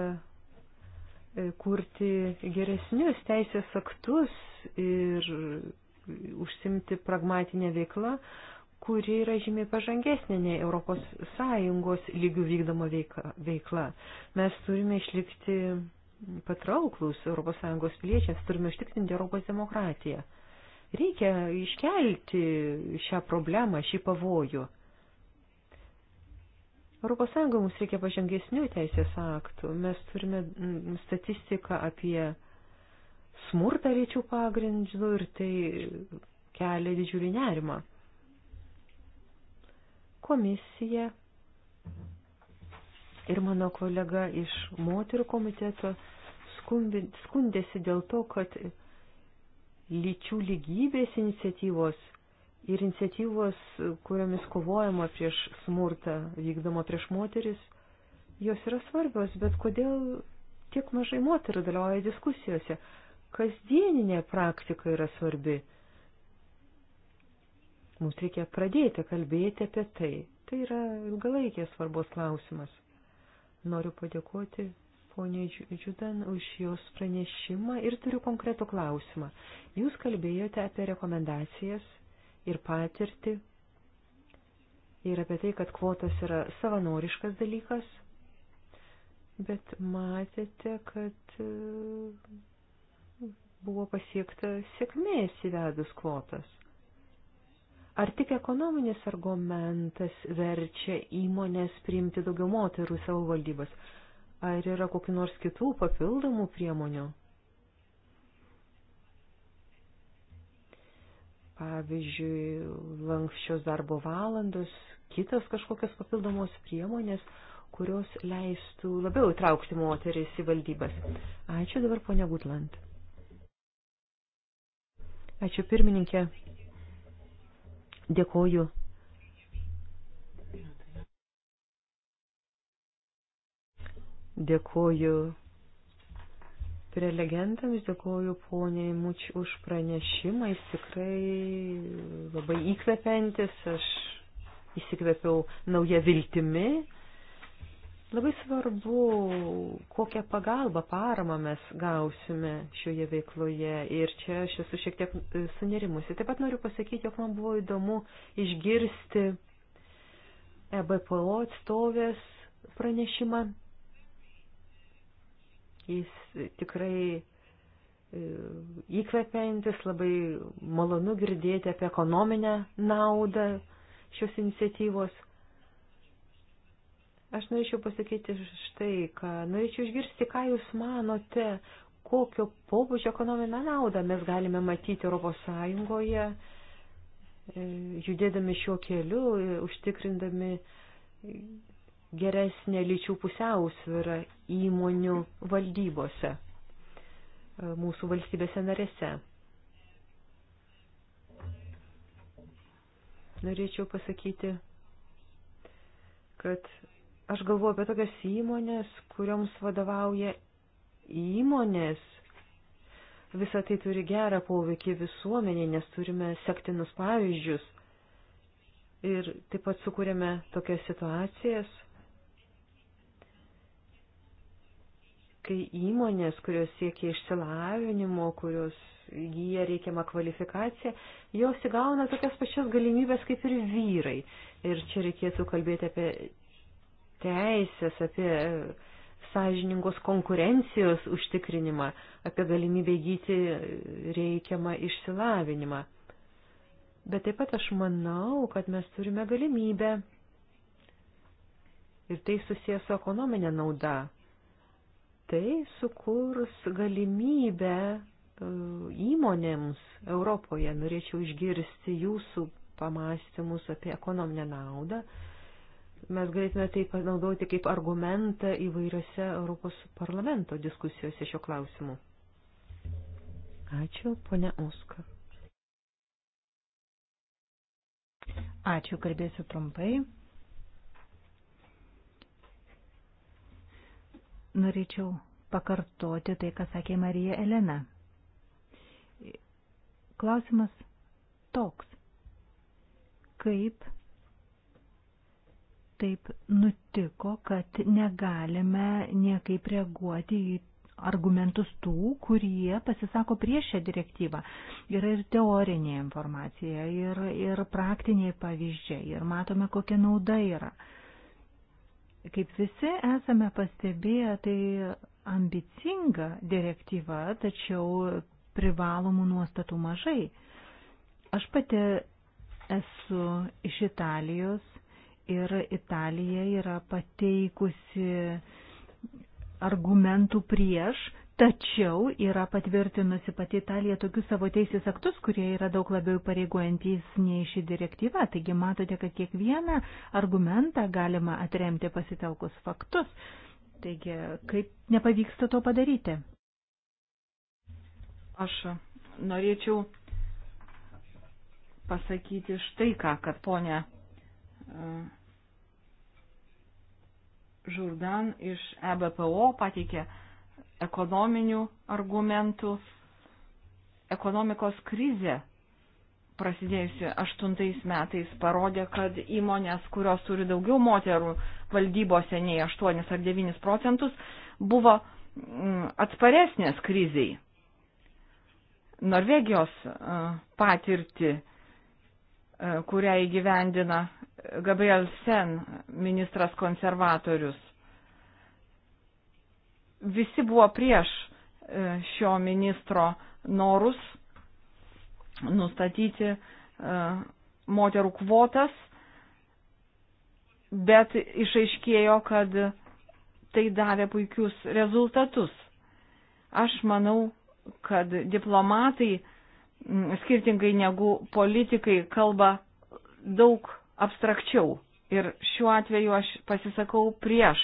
e, kurti geresnius teisės aktus ir užsimti pragmatinę veiklą, kuri yra žymiai pažangesnė nei Europos Sąjungos lygių vykdoma veikla. Mes turime išlikti patrauklus Europos Sąjungos piliečiams, turime užtikrinti Europos demokratiją. Reikia iškelti šią problemą, šį pavojų. Europos Sąjunga mums reikia pažangesnių teisės aktų. Mes turime mm, statistiką apie smurtą lyčių pagrindų ir tai kelia didžiulį nerimą. Komisija ir mano kolega iš moterų komiteto skundėsi dėl to, kad lyčių lygybės iniciatyvos ir iniciatyvos, kuriomis kovojama prieš smurtą vykdoma prieš moteris, jos yra svarbios, bet kodėl tiek mažai moterų dalyvauja diskusijose? Kasdieninė praktika yra svarbi. Mums reikia pradėti kalbėti apie tai. Tai yra ilgalaikės svarbos klausimas. Noriu padėkoti poniai Džiudan už jos pranešimą ir turiu konkretų klausimą. Jūs kalbėjote apie rekomendacijas ir patirtį, ir apie tai, kad kvotos yra savanoriškas dalykas, bet matėte, kad e, buvo pasiekta sėkmės įvedus kvotas. Ar tik ekonominis argumentas verčia įmonės priimti daugiau moterų į savo valdybas? Ar yra kokiu nors kitų papildomų priemonių? pavyzdžiui, lankščios darbo valandos, kitas kažkokios papildomos priemonės, kurios leistų labiau įtraukti moteris į valdybas. Ačiū dabar, ponia Gutland. Ačiū pirmininkė. Dėkoju. Dėkoju prelegentams, dėkoju poniai Muč už pranešimą, jis tikrai labai įkvepiantis, aš įsikvėpiau naują viltimi. Labai svarbu, kokią pagalbą, paramą mes gausime šioje veikloje ir čia aš esu šiek tiek sunerimusi. Taip pat noriu pasakyti, jog man buvo įdomu išgirsti EBPO atstovės pranešimą Jis tikrai e, įkvepiantis, labai malonu girdėti apie ekonominę naudą šios iniciatyvos. Aš norėčiau pasakyti štai, ką norėčiau išgirsti, ką Jūs manote, kokio pobūdžio ekonominę naudą mes galime matyti Europos Sąjungoje, e, judėdami šiuo keliu, e, užtikrindami geresnė lyčių pusiausvyrą įmonių valdybose e, mūsų valstybėse narėse. Norėčiau pasakyti, kad aš galvoju apie tokias įmonės, kurioms vadovauja įmonės. Visą tai turi gerą poveikį visuomenė, nes turime sektinus pavyzdžius. Ir taip pat sukūrėme tokias situacijas, kai įmonės, kurios siekia išsilavinimo, kurios įgyja reikiamą kvalifikaciją, jos įgauna tokias pačias galimybės kaip ir vyrai. Ir čia reikėtų kalbėti apie teisės, apie e, sąžiningos konkurencijos užtikrinimą, apie galimybę įgyti reikiamą išsilavinimą. Bet taip pat aš manau, kad mes turime galimybę ir tai susijęs su ekonominė nauda tai sukurs galimybę e, įmonėms Europoje. Norėčiau išgirsti jūsų pamastymus apie ekonominę naudą. Mes galėtume tai panaudoti kaip argumentą įvairiose Europos parlamento diskusijose šio klausimu. Ačiū, ponia Oska. Ačiū, kalbėsiu trumpai. norėčiau pakartoti tai, ką sakė Marija Elena. Klausimas toks. Kaip taip nutiko, kad negalime niekaip reaguoti į argumentus tų, kurie pasisako prieš šią direktyvą. Yra ir teorinė informacija, ir, ir praktiniai pavyzdžiai, ir matome, kokia nauda yra. Kaip visi esame pastebėję, tai ambicinga direktyva, tačiau privalomų nuostatų mažai. Aš pati esu iš Italijos ir Italija yra pateikusi argumentų prieš, Tačiau yra patvirtinusi pati Italija tokius savo teisės aktus, kurie yra daug labiau pareigojantys nei ši direktyva. Taigi matote, kad kiekvieną argumentą galima atremti pasitelkus faktus. Taigi, kaip nepavyksta to padaryti? Aš norėčiau pasakyti štai ką, kad ponia Žurdan e, iš EBPO pateikė ekonominių argumentų. Ekonomikos krizė prasidėjusi aštuntais metais parodė, kad įmonės, kurios turi daugiau moterų valdybose nei 8 ar 9 procentus, buvo mm, atsparesnės kriziai. Norvegijos e, patirti, e, kurią įgyvendina Gabriel Sen, ministras konservatorius, visi buvo prieš e, šio ministro norus nustatyti e, moterų kvotas, bet išaiškėjo, kad tai davė puikius rezultatus. Aš manau, kad diplomatai, skirtingai negu politikai, kalba daug abstrakčiau. Ir šiuo atveju aš pasisakau prieš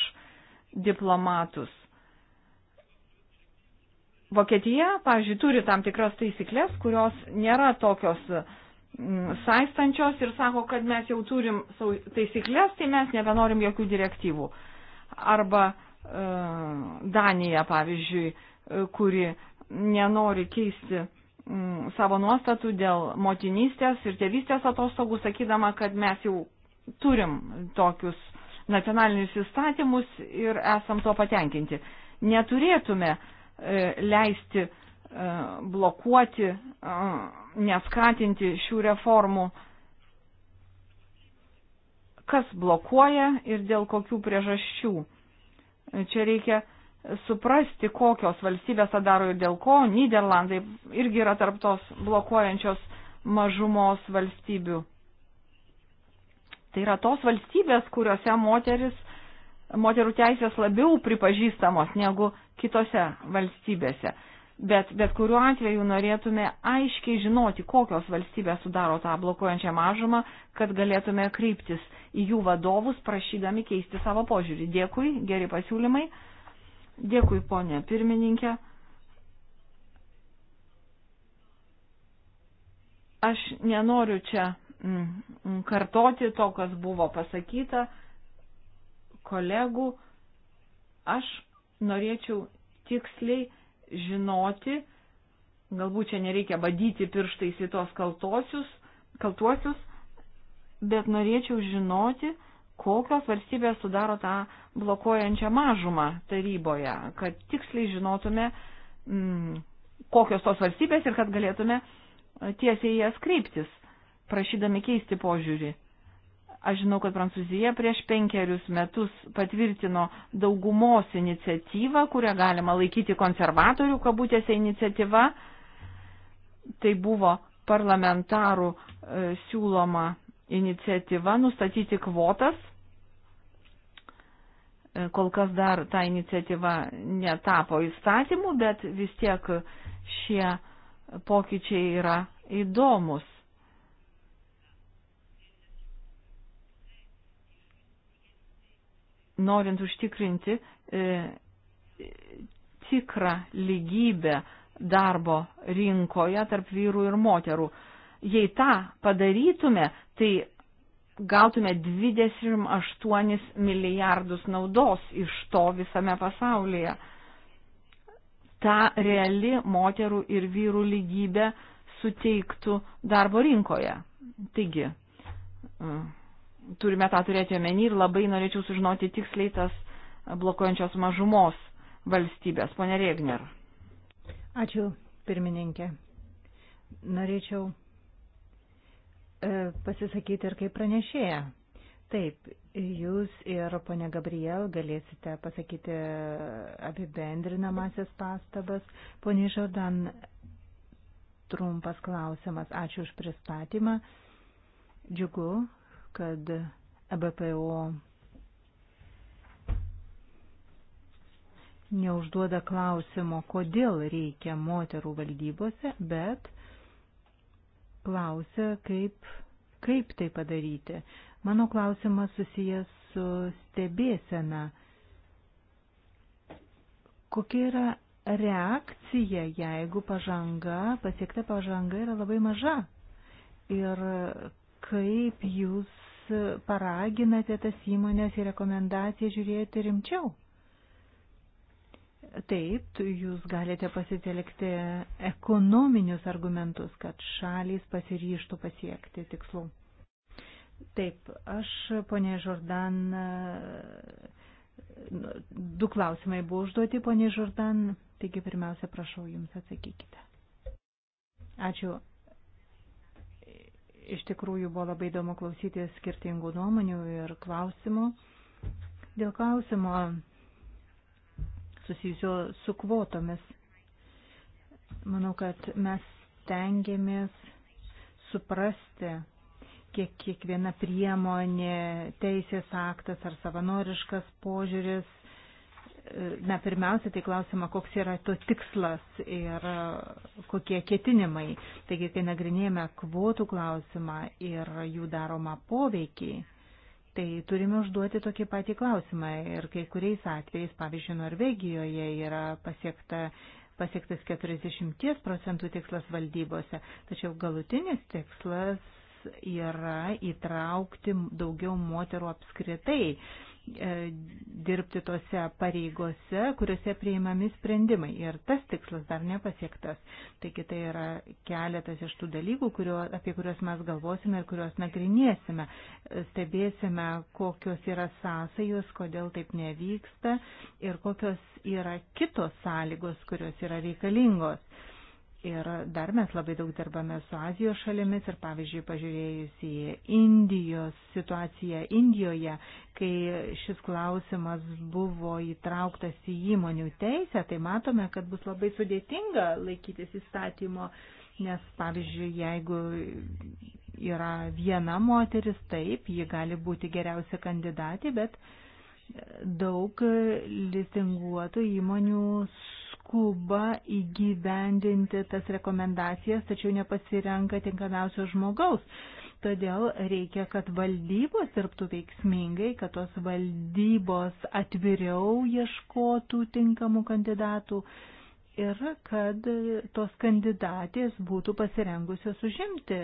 diplomatus. Vokietija, pavyzdžiui, turi tam tikras taisyklės, kurios nėra tokios mm, saistančios ir sako, kad mes jau turim taisyklės, tai mes nebenorim jokių direktyvų. Arba e, Danija, pavyzdžiui, e, kuri nenori keisti m, mm, savo nuostatų dėl motinystės ir tėvystės atostogų, sakydama, kad mes jau turim tokius nacionalinius įstatymus ir esam tuo patenkinti. Neturėtume uh, E, leisti e, blokuoti, e, neskatinti šių reformų, kas blokuoja ir dėl kokių priežasčių. Čia reikia suprasti, kokios valstybės tą daro ir dėl ko. Niderlandai irgi yra tarptos blokuojančios mažumos valstybių. Tai yra tos valstybės, kuriuose moteris, moterų teisės labiau pripažįstamos negu kitose valstybėse. Bet, bet kuriuo atveju norėtume aiškiai žinoti, kokios valstybės sudaro tą blokuojančią mažumą, kad galėtume kryptis į jų vadovus, prašydami keisti savo požiūrį. Dėkui, geri pasiūlymai. Dėkui, ponė pirmininkė. Aš nenoriu čia mm, mm, kartoti to, kas buvo pasakyta kolegų. Aš norėčiau tiksliai žinoti, galbūt čia nereikia badyti pirštais į tos kaltosius, kaltuosius, bet norėčiau žinoti, kokios valstybės sudaro tą blokuojančią mažumą taryboje, kad tiksliai žinotume, mm, kokios tos valstybės ir kad galėtume tiesiai jas kreiptis, prašydami keisti požiūrį. Aš žinau, kad Prancūzija prieš penkerius metus patvirtino daugumos iniciatyvą, kurią galima laikyti konservatorių kabutėse iniciatyva. Tai buvo parlamentarų e, siūloma iniciatyva nustatyti kvotas. E, kol kas dar ta iniciatyva netapo įstatymu, bet vis tiek šie pokyčiai yra įdomus norint užtikrinti e, tikrą lygybę darbo rinkoje tarp vyrų ir moterų. Jei tą padarytume, tai gautume 28 milijardus naudos iš to visame pasaulyje. Ta reali moterų ir vyrų lygybė suteiktų darbo rinkoje. Taigi, turime tą turėti omeny ir labai norėčiau sužinoti tiksliai tas blokuojančios mažumos valstybės. Pone Regner. Ačiū, pirmininkė. Norėčiau e, pasisakyti ir kaip pranešėja. Taip, jūs ir ponė Gabriel galėsite pasakyti apibendrinamasias pastabas. Pone Žordan, trumpas klausimas. Ačiū už pristatymą. Džiugu, kad EBPO neužduoda klausimo, kodėl reikia moterų valdybose, bet klausia, kaip, kaip tai padaryti. Mano klausimas susijęs su stebėsena. Kokia yra reakcija, jeigu pažanga, pasiekta pažanga yra labai maža? Ir kaip jūs paraginate tas įmonės į rekomendaciją žiūrėti rimčiau. Taip, jūs galite pasitelkti ekonominius argumentus, kad šalys pasiryštų pasiekti tikslų. Taip, aš, ponė Žordan, du klausimai buvo užduoti, ponė Žordan, taigi pirmiausia, prašau, jums atsakykite. Ačiū Iš tikrųjų buvo labai įdomu klausytis skirtingų nuomonių ir klausimų. Dėl klausimo susijusio su kvotomis. Manau, kad mes tengiamės suprasti, kiek kiekviena priemonė, teisės aktas ar savanoriškas požiūris na, pirmiausia, tai klausima, koks yra to tikslas ir e, kokie ketinimai. Taigi, kai nagrinėjame kvotų klausimą ir jų daromą poveikį, tai turime užduoti tokį patį klausimą. Ir kai kuriais atvejais, pavyzdžiui, Norvegijoje yra pasiekta pasiektas 40 procentų tikslas valdybose, tačiau galutinis tikslas yra įtraukti daugiau moterų apskritai E, dirbti tose pareigose, kuriuose priimami sprendimai. Ir tas tikslas dar nepasiektas. Taigi tai yra keletas iš tų dalykų, kurio, apie kuriuos mes galvosime ir kuriuos nagrinėsime. Stebėsime, kokios yra sąsajos, kodėl taip nevyksta ir kokios yra kitos sąlygos, kurios yra reikalingos Ir dar mes labai daug dirbame su Azijos šalimis ir pavyzdžiui pažiūrėjus į Indijos situaciją Indijoje, kai šis klausimas buvo įtrauktas į įmonių teisę, tai matome, kad bus labai sudėtinga laikytis įstatymo, nes pavyzdžiui, jeigu yra viena moteris, taip, ji gali būti geriausia kandidatė, bet daug listinguotų įmonių skuba įgyvendinti tas rekomendacijas, tačiau nepasirenka tinkamiausio žmogaus. Todėl reikia, kad valdybos dirbtų veiksmingai, kad tos valdybos atviriau ieškotų tinkamų kandidatų. Uh, yra, kad tos kandidatės būtų pasirengusios užimti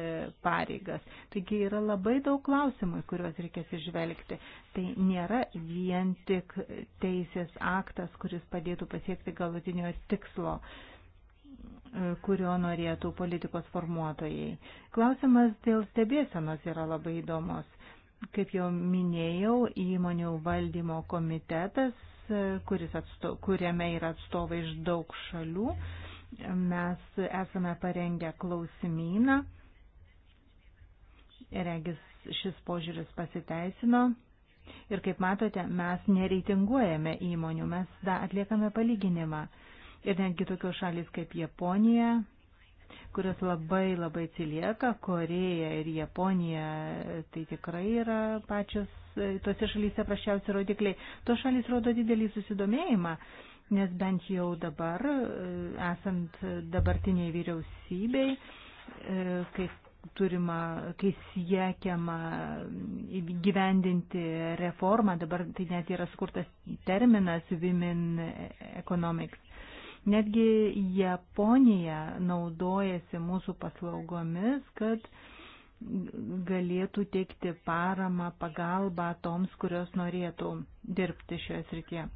pareigas. Taigi yra labai daug klausimų, į kuriuos reikės išvelgti. Tai nėra vien tik teisės aktas, kuris padėtų pasiekti galutinio tikslo kurio norėtų politikos formuotojai. Klausimas dėl stebėsenos yra labai įdomus. Kaip jau minėjau, įmonių valdymo komitetas kuris atsto, kuriame yra atstovai iš daug šalių. Mes esame parengę klausimyną. Regis šis požiūris pasiteisino. Ir kaip matote, mes nereitinguojame įmonių, mes da, atliekame palyginimą. Ir netgi tokios šalis kaip Japonija, kurios labai labai atsilieka, Koreja ir Japonija, tai tikrai yra pačios e, tose šalyse prašiausi rodikliai. To šalis rodo didelį susidomėjimą, nes bent jau dabar, e, esant dabartiniai vyriausybei, e, kai turima, kai siekiama gyvendinti reformą, dabar tai net yra skurtas terminas women economics Netgi Japonija naudojasi mūsų paslaugomis, kad galėtų teikti paramą, pagalbą toms, kurios norėtų dirbti šioje srityje.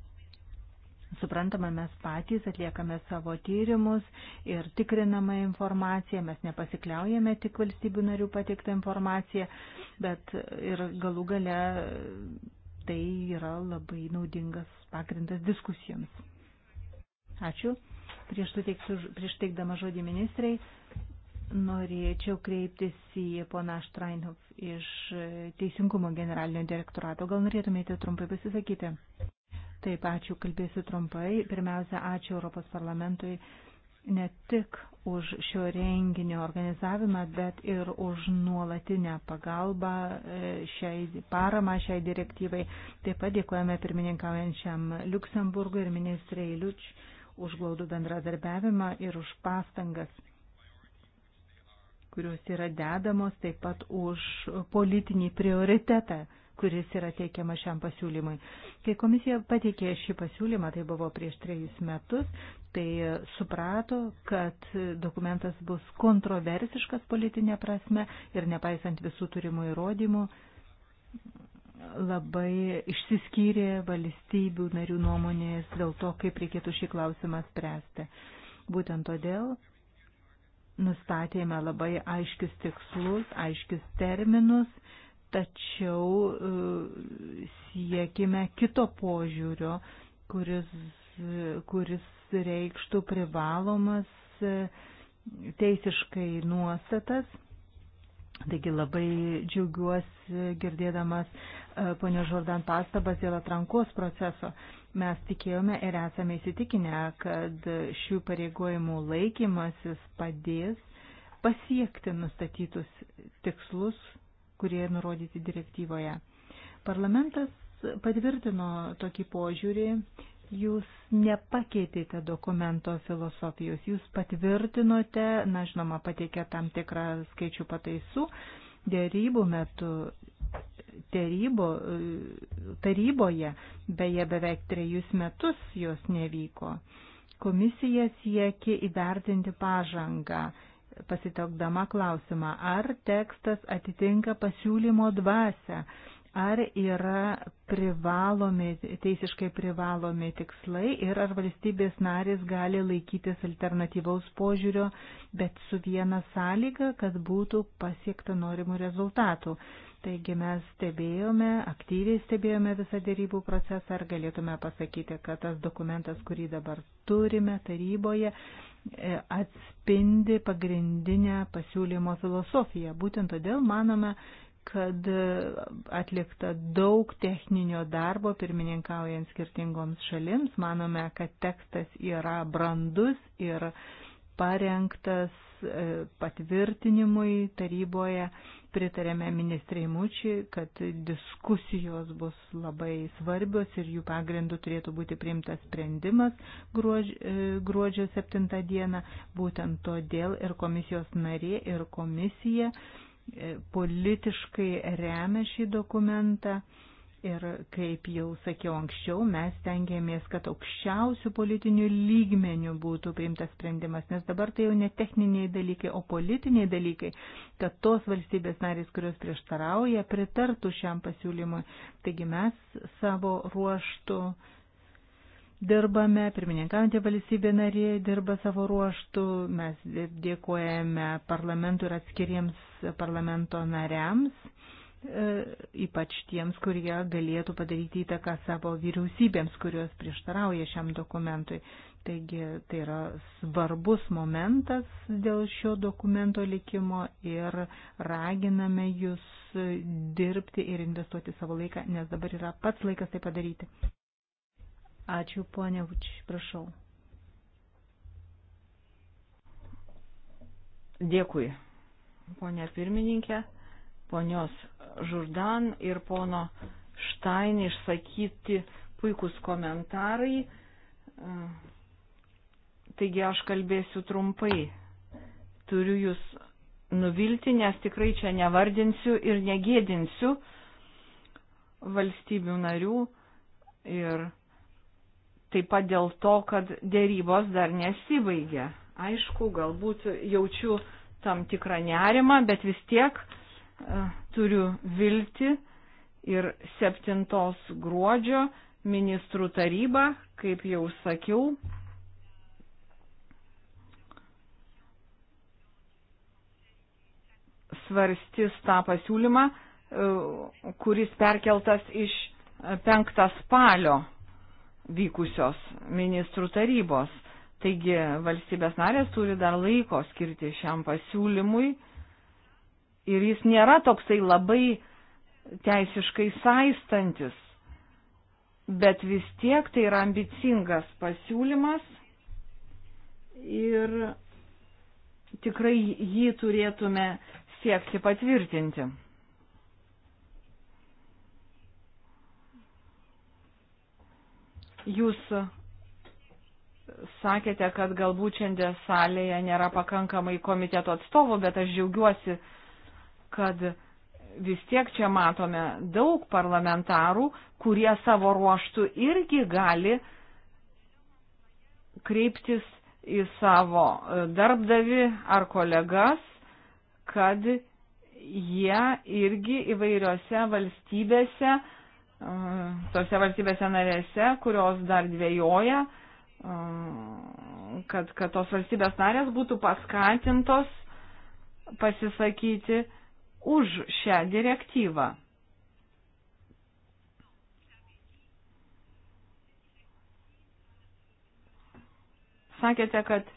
Suprantama, mes patys atliekame savo tyrimus ir tikrinamą informaciją, mes nepasikliaujame tik valstybių narių pateiktą informaciją, bet ir galų gale tai yra labai naudingas pagrindas diskusijoms. Ačiū. Prieš, suteiksiu, prieš teikdama žodį ministrai, norėčiau kreiptis į poną Štrainhof iš e, Teisingumo generalinio direktorato. Gal norėtumėte trumpai pasisakyti? Taip, ačiū, kalbėsiu trumpai. Pirmiausia, ačiū Europos parlamentui ne tik už šio renginio organizavimą, bet ir už nuolatinę pagalbą e, šiai paramą šiai direktyvai. Taip pat dėkojame pirmininkaujančiam Luksemburgui ir ministrei Liuč už glaudų bendradarbiavimą ir už pastangas, kurios yra dedamos taip pat už politinį prioritetą, kuris yra teikiama šiam pasiūlymui. Kai komisija pateikė šį pasiūlymą, tai buvo prieš trejus metus, tai suprato, kad dokumentas bus kontroversiškas politinė prasme ir nepaisant visų turimų įrodymų, labai išsiskyrė valstybių narių nuomonės dėl to, kaip reikėtų šį klausimą spręsti. Būtent todėl nustatėme labai aiškius tikslus, aiškius terminus, tačiau e, siekime kito požiūrio, kuris, kuris reikštų privalomas e, teisiškai nuostatas Taigi labai džiaugiuosi girdėdamas E, ponio Žordan pastabas dėl atrankos proceso. Mes tikėjome ir esame įsitikinę, kad šių pareigojimų laikymasis padės pasiekti nustatytus tikslus, kurie nurodyti direktyvoje. Parlamentas patvirtino tokį požiūrį, jūs nepakeitėte dokumento filosofijos, jūs patvirtinote, na žinoma, pateikė tam tikrą skaičių pataisų, dėrybų metu tarybo, e, taryboje, beje beveik trejus metus jos nevyko. Komisija siekia įvertinti pažangą, pasitokdama klausimą, ar tekstas atitinka pasiūlymo dvasę, ar yra privalomi, teisiškai privalomi tikslai ir ar valstybės narės gali laikytis alternatyvaus požiūrio, bet su viena sąlyga, kad būtų pasiekta norimų rezultatų. Taigi mes stebėjome, aktyviai stebėjome visą dėrybų procesą ir galėtume pasakyti, kad tas dokumentas, kurį dabar turime taryboje, e, atspindi pagrindinę pasiūlymo filosofiją. Būtent todėl manome, kad atlikta daug techninio darbo pirmininkaujant skirtingoms šalims. Manome, kad tekstas yra brandus ir parengtas e, patvirtinimui taryboje pritarėme ministrei Mučiai, kad diskusijos bus labai svarbios ir jų pagrindu turėtų būti priimtas sprendimas gruodž, e, gruodžio 7 dieną. Būtent todėl ir komisijos narė, ir komisija e, politiškai remia šį dokumentą Ir kaip jau sakiau anksčiau, mes tengiamės, kad aukščiausių politinių lygmenių būtų priimtas sprendimas, nes dabar tai jau ne techniniai dalykai, o politiniai dalykai, kad tos valstybės narys, kurios prieštarauja, pritartų šiam pasiūlymui. Taigi mes savo ruoštų dirbame, pirmininkaujantė valstybė narė dirba savo ruoštų, mes dėkojame parlamentui ir atskiriems parlamento nariams E, ypač tiems, kurie galėtų padaryti įtaką savo vyriausybėms, kurios prieštarauja šiam dokumentui. Taigi tai yra svarbus momentas dėl šio dokumento likimo ir raginame jūs dirbti ir investuoti savo laiką, nes dabar yra pats laikas tai padaryti. Ačiū, ponia Vuč, prašau. Dėkui, ponia pirmininkė ponios Žurdan ir pono Štain išsakyti puikus komentarai. Taigi aš kalbėsiu trumpai. Turiu jūs nuvilti, nes tikrai čia nevardinsiu ir negėdinsiu valstybių narių ir taip pat dėl to, kad dėrybos dar nesibaigė. Aišku, galbūt jaučiu tam tikrą nerimą, bet vis tiek uh, E, turiu vilti ir 7 gruodžio ministrų taryba, kaip jau sakiau, svarstys tą pasiūlymą, e, kuris perkeltas iš 5 spalio vykusios ministrų tarybos. Taigi valstybės narės turi dar laiko skirti šiam pasiūlymui ir jis nėra toksai labai teisiškai saistantis, bet vis tiek tai yra ambicingas pasiūlymas ir tikrai jį turėtume siekti patvirtinti. Jūs sakėte, kad galbūt šiandien salėje nėra pakankamai komiteto atstovų, bet aš džiaugiuosi, kad vis tiek čia matome daug parlamentarų, kurie savo ruoštų irgi gali kreiptis į savo darbdavi ar kolegas, kad jie irgi įvairiose valstybėse, tose valstybėse narėse, kurios dar dvėjoja, kad, kad tos valstybės narės būtų paskatintos pasisakyti už šią direktyvą. Sakėte, kad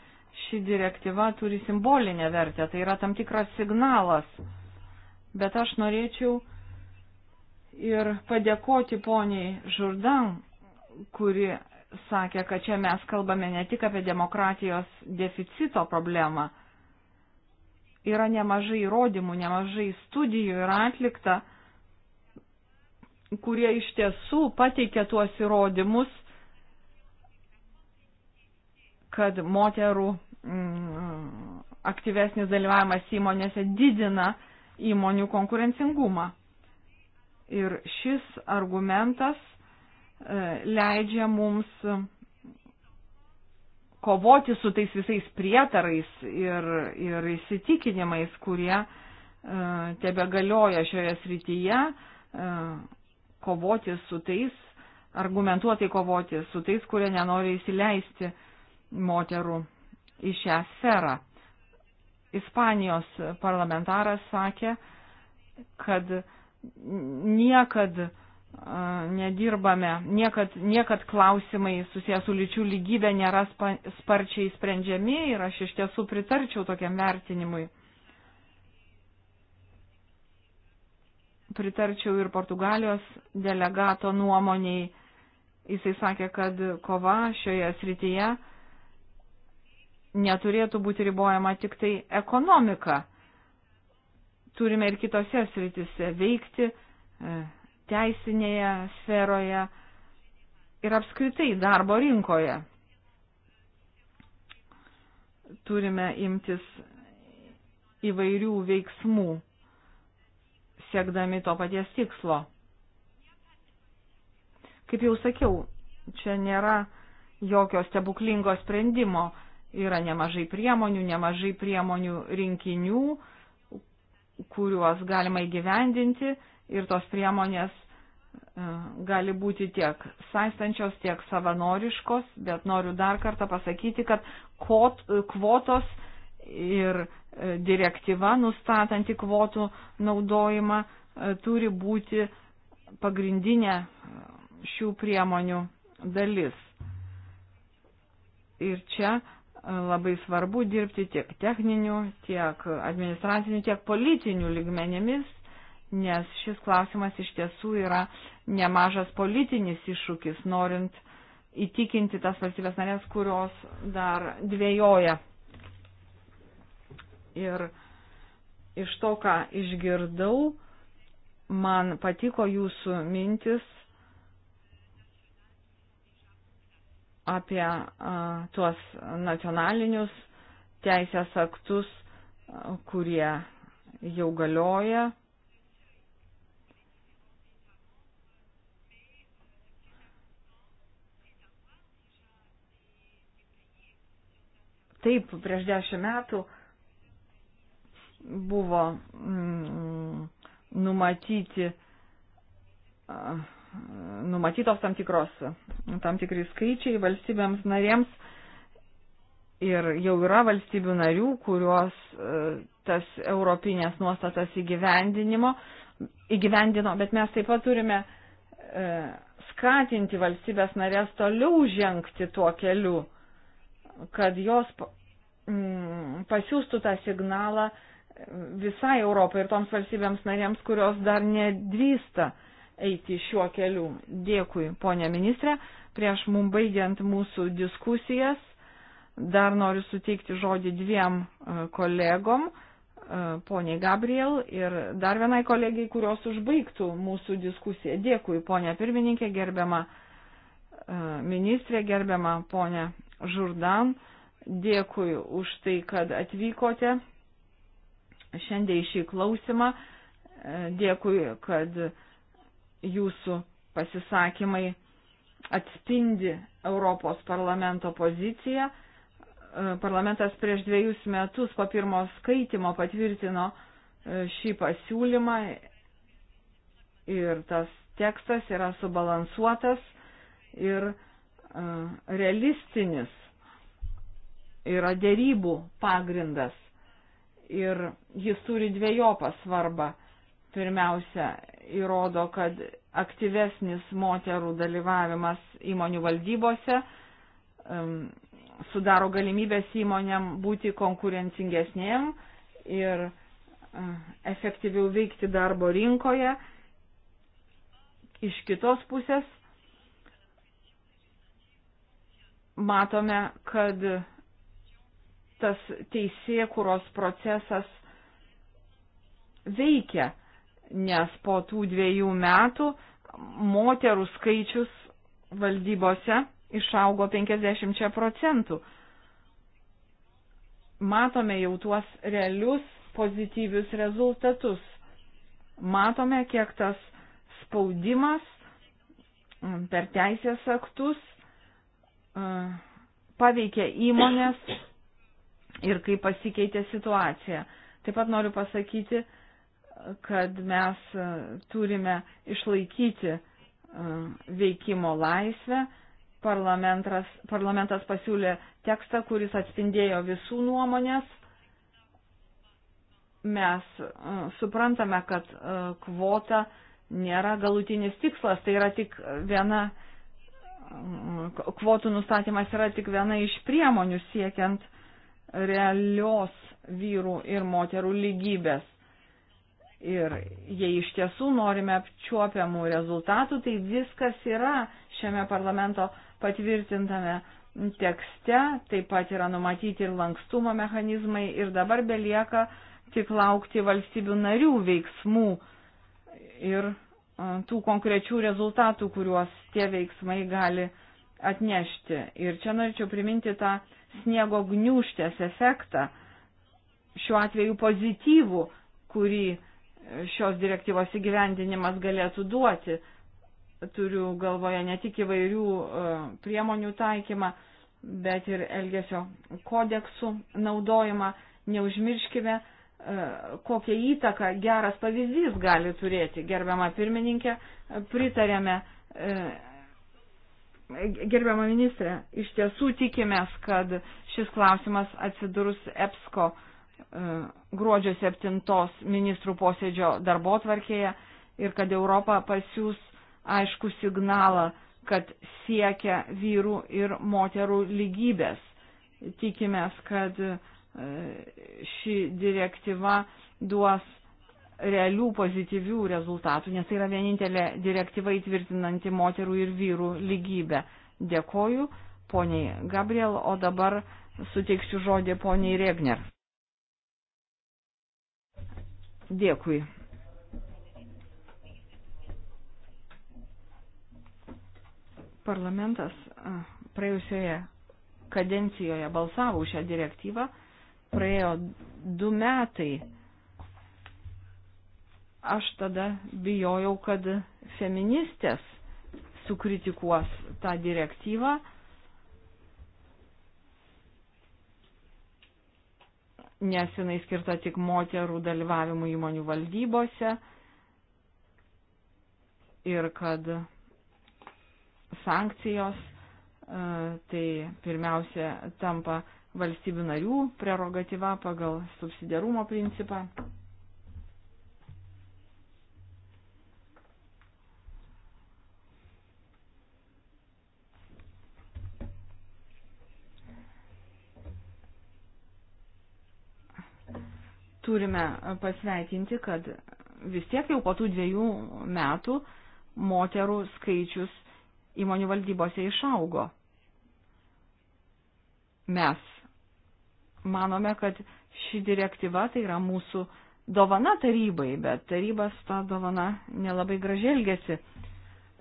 ši direktyva turi simbolinę vertę, tai yra tam tikras signalas. Bet aš norėčiau ir padėkoti poniai Žurdan, kuri sakė, kad čia mes kalbame ne tik apie demokratijos deficito problemą, yra nemažai įrodymų, nemažai studijų yra atlikta, kurie iš tiesų pateikia tuos įrodymus, kad moterų mm, aktyvesnis dalyvavimas įmonėse didina įmonių konkurencingumą. Ir šis argumentas e, leidžia mums e, kovoti su tais visais prietarais ir, ir įsitikinimais, kurie e, tebe galioja šioje srityje, e, kovoti su tais, argumentuotai kovoti su tais, kurie nenori įsileisti moterų į šią sferą. Ispanijos parlamentaras sakė, kad niekada nedirbame, niekad, niekad klausimai susijęs su lyčių lygybė nėra spa, sparčiai sprendžiami ir aš iš tiesų pritarčiau tokiam vertinimui. Pritarčiau ir Portugalijos delegato nuomoniai. Jisai sakė, kad kova šioje srityje neturėtų būti ribojama tik tai ekonomika. Turime ir kitose sritise veikti, e, teisinėje sferoje ir apskritai darbo rinkoje. Turime imtis įvairių veiksmų, siekdami to paties tikslo. Kaip jau sakiau, čia nėra jokio stebuklingo sprendimo, yra nemažai priemonių, nemažai priemonių rinkinių, kuriuos galima įgyvendinti ir tos priemonės e, gali būti tiek saistančios, tiek savanoriškos, bet noriu dar kartą pasakyti, kad kvotos ir e, direktyva nustatanti kvotų naudojimą e, turi būti pagrindinė šių priemonių dalis. Ir čia labai svarbu dirbti tiek techninių, tiek administracinių, tiek politinių ligmenėmis nes šis klausimas iš tiesų yra nemažas politinis iššūkis, norint įtikinti tas valstybės narės, kurios dar dvėjoja. Ir iš to, ką išgirdau, man patiko jūsų mintis apie a, tuos nacionalinius teisės aktus, a, kurie jau galioja Taip, prieš dešimt metų buvo mm, numatyti, uh, numatytos tam, tikros, tam tikri skaičiai valstybėms narėms ir jau yra valstybių narių, kurios uh, tas europinės nuostatas įgyvendinimo, įgyvendino, bet mes taip pat turime uh, skatinti valstybės narės toliau žengti tuo keliu kad jos Mm, pasiūstų tą signalą visai Europai ir toms valstybėms narėms, kurios dar nedrįsta eiti šiuo keliu. Dėkui, ponė ministrė. Prieš mum baigiant mūsų diskusijas, dar noriu suteikti žodį dviem e, kolegom, e, poniai Gabriel ir dar vienai kolegiai, kurios užbaigtų mūsų diskusiją. Dėkui, ponė pirmininkė, gerbiama e, ministrė, gerbiama ponė Žurdan. Dėkui už tai, kad atvykote šiandien į šį klausimą. Dėkui, kad jūsų pasisakymai atspindi Europos parlamento poziciją. Parlamentas prieš dviejus metus po pirmo skaitimo patvirtino šį pasiūlymą ir tas tekstas yra subalansuotas ir e, realistinis yra dėrybų pagrindas ir jis turi dviejopą svarbą. Pirmiausia, įrodo, kad aktyvesnis moterų dalyvavimas įmonių valdybose um, sudaro galimybės įmonėm būti konkurencingesnėm ir um, efektyviau veikti darbo rinkoje. Iš kitos pusės matome, kad uh, tas teisėkuros procesas veikia, nes po tų dviejų metų moterų skaičius valdybose išaugo 50 procentų. Matome jau tuos realius pozityvius rezultatus. Matome, kiek tas spaudimas per teisės aktus e, paveikia įmonės ir kaip pasikeitė situacija. Taip pat noriu pasakyti, kad mes e, turime išlaikyti e, veikimo laisvę. Parlamentas, parlamentas pasiūlė tekstą, kuris atspindėjo visų nuomonės. Mes e, suprantame, kad kvota nėra galutinis tikslas, tai yra tik viena, kvotų nustatymas yra tik viena iš priemonių siekiant realios vyrų ir moterų lygybės. Ir jei iš tiesų norime apčiuopiamų rezultatų, tai viskas yra šiame parlamento patvirtintame tekste, taip pat yra numatyti ir lankstumo mechanizmai ir dabar belieka tik laukti valstybių narių veiksmų ir e, tų konkrečių rezultatų, kuriuos tie veiksmai gali atnešti. Ir čia norėčiau priminti tą sniego gniūštės efektą, šiuo atveju pozityvų, kurį šios direktyvos įgyvendinimas galėtų duoti. Turiu galvoje ne tik įvairių e, priemonių taikymą, bet ir elgesio kodeksų naudojimą. Neužmirškime, e, kokią įtaką geras pavyzdys gali turėti. Gerbiama pirmininkė, pritarėme e, Gerbiama ministrė, iš tiesų tikimės, kad šis klausimas atsidurs EPSCO e, gruodžio 7 ministrų posėdžio darbo tvarkėje ir kad Europa pasiūs aišku signalą, kad siekia vyrų ir moterų lygybės. Tikimės, kad e, ši direktyva duos realių pozityvių rezultatų, nes tai yra vienintelė direktyva įtvirtinanti moterų ir vyrų lygybę. Dėkoju, poniai Gabriel, o dabar suteiksiu žodį poniai Regner. Dėkui. Parlamentas praėjusioje kadencijoje balsavo šią direktyvą, praėjo du metai aš tada bijojau, kad feministės sukritikuos tą direktyvą. Nes jinai skirta tik moterų dalyvavimų įmonių valdybose ir kad sankcijos e, tai pirmiausia tampa valstybių narių prerogatyva pagal subsidiarumo principą. turime pasveikinti, kad vis tiek jau po tų dviejų metų moterų skaičius įmonių valdybose išaugo. Mes manome, kad ši direktyva tai yra mūsų dovana tarybai, bet tarybas tą dovaną nelabai graželgėsi.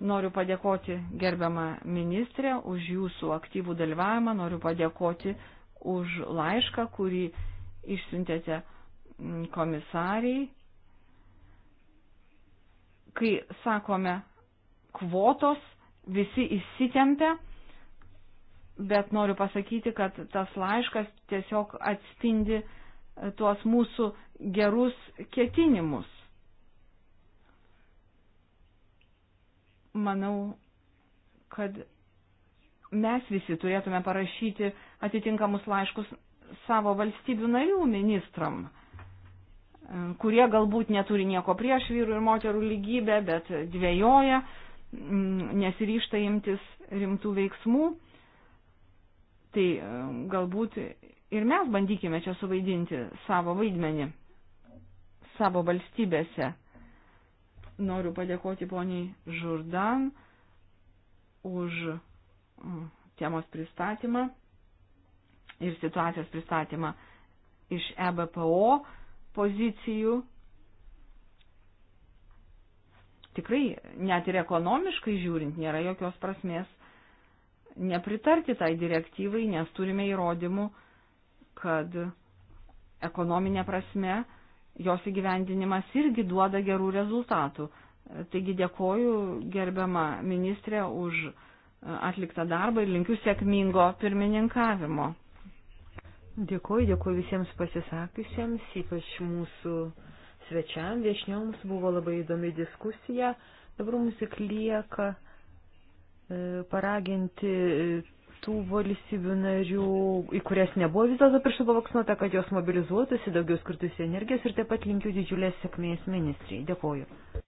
Noriu padėkoti gerbiamą ministrę už jūsų aktyvų dalyvavimą, noriu padėkoti už laišką, kurį išsiuntėte komisariai, kai sakome kvotos, visi įsitempia, bet noriu pasakyti, kad tas laiškas tiesiog atspindi e, tuos mūsų gerus ketinimus. Manau, kad mes visi turėtume parašyti atitinkamus laiškus savo valstybių narių ministram kurie galbūt neturi nieko prieš vyrų ir moterų lygybę, bet dvėjoja, mm, nesiryšta imtis rimtų veiksmų. Tai e, galbūt ir mes bandykime čia suvaidinti savo vaidmenį savo valstybėse. Noriu padėkoti poniai Žurdan už mm, temos pristatymą ir situacijos pristatymą iš EBPO pozicijų. Tikrai, net ir ekonomiškai žiūrint, nėra jokios prasmės nepritarti tai direktyvai, nes turime įrodymų, kad ekonominė prasme jos įgyvendinimas irgi duoda gerų rezultatų. Taigi dėkoju gerbiama ministrė už atliktą darbą ir linkiu sėkmingo pirmininkavimo. Dėkuoju, dėkuoju visiems pasisakiusiems, ypač mūsų svečiam viešnioms buvo labai įdomi diskusija. Dabar mums tik lieka e, paraginti e, tų valstybių narių, į kurias nebuvo vis dėlto prieš pavaksnuota, kad jos mobilizuotųsi, daugiau skirtųsi energijos ir taip pat linkiu didžiulės sėkmės ministrijai. Dėkuoju.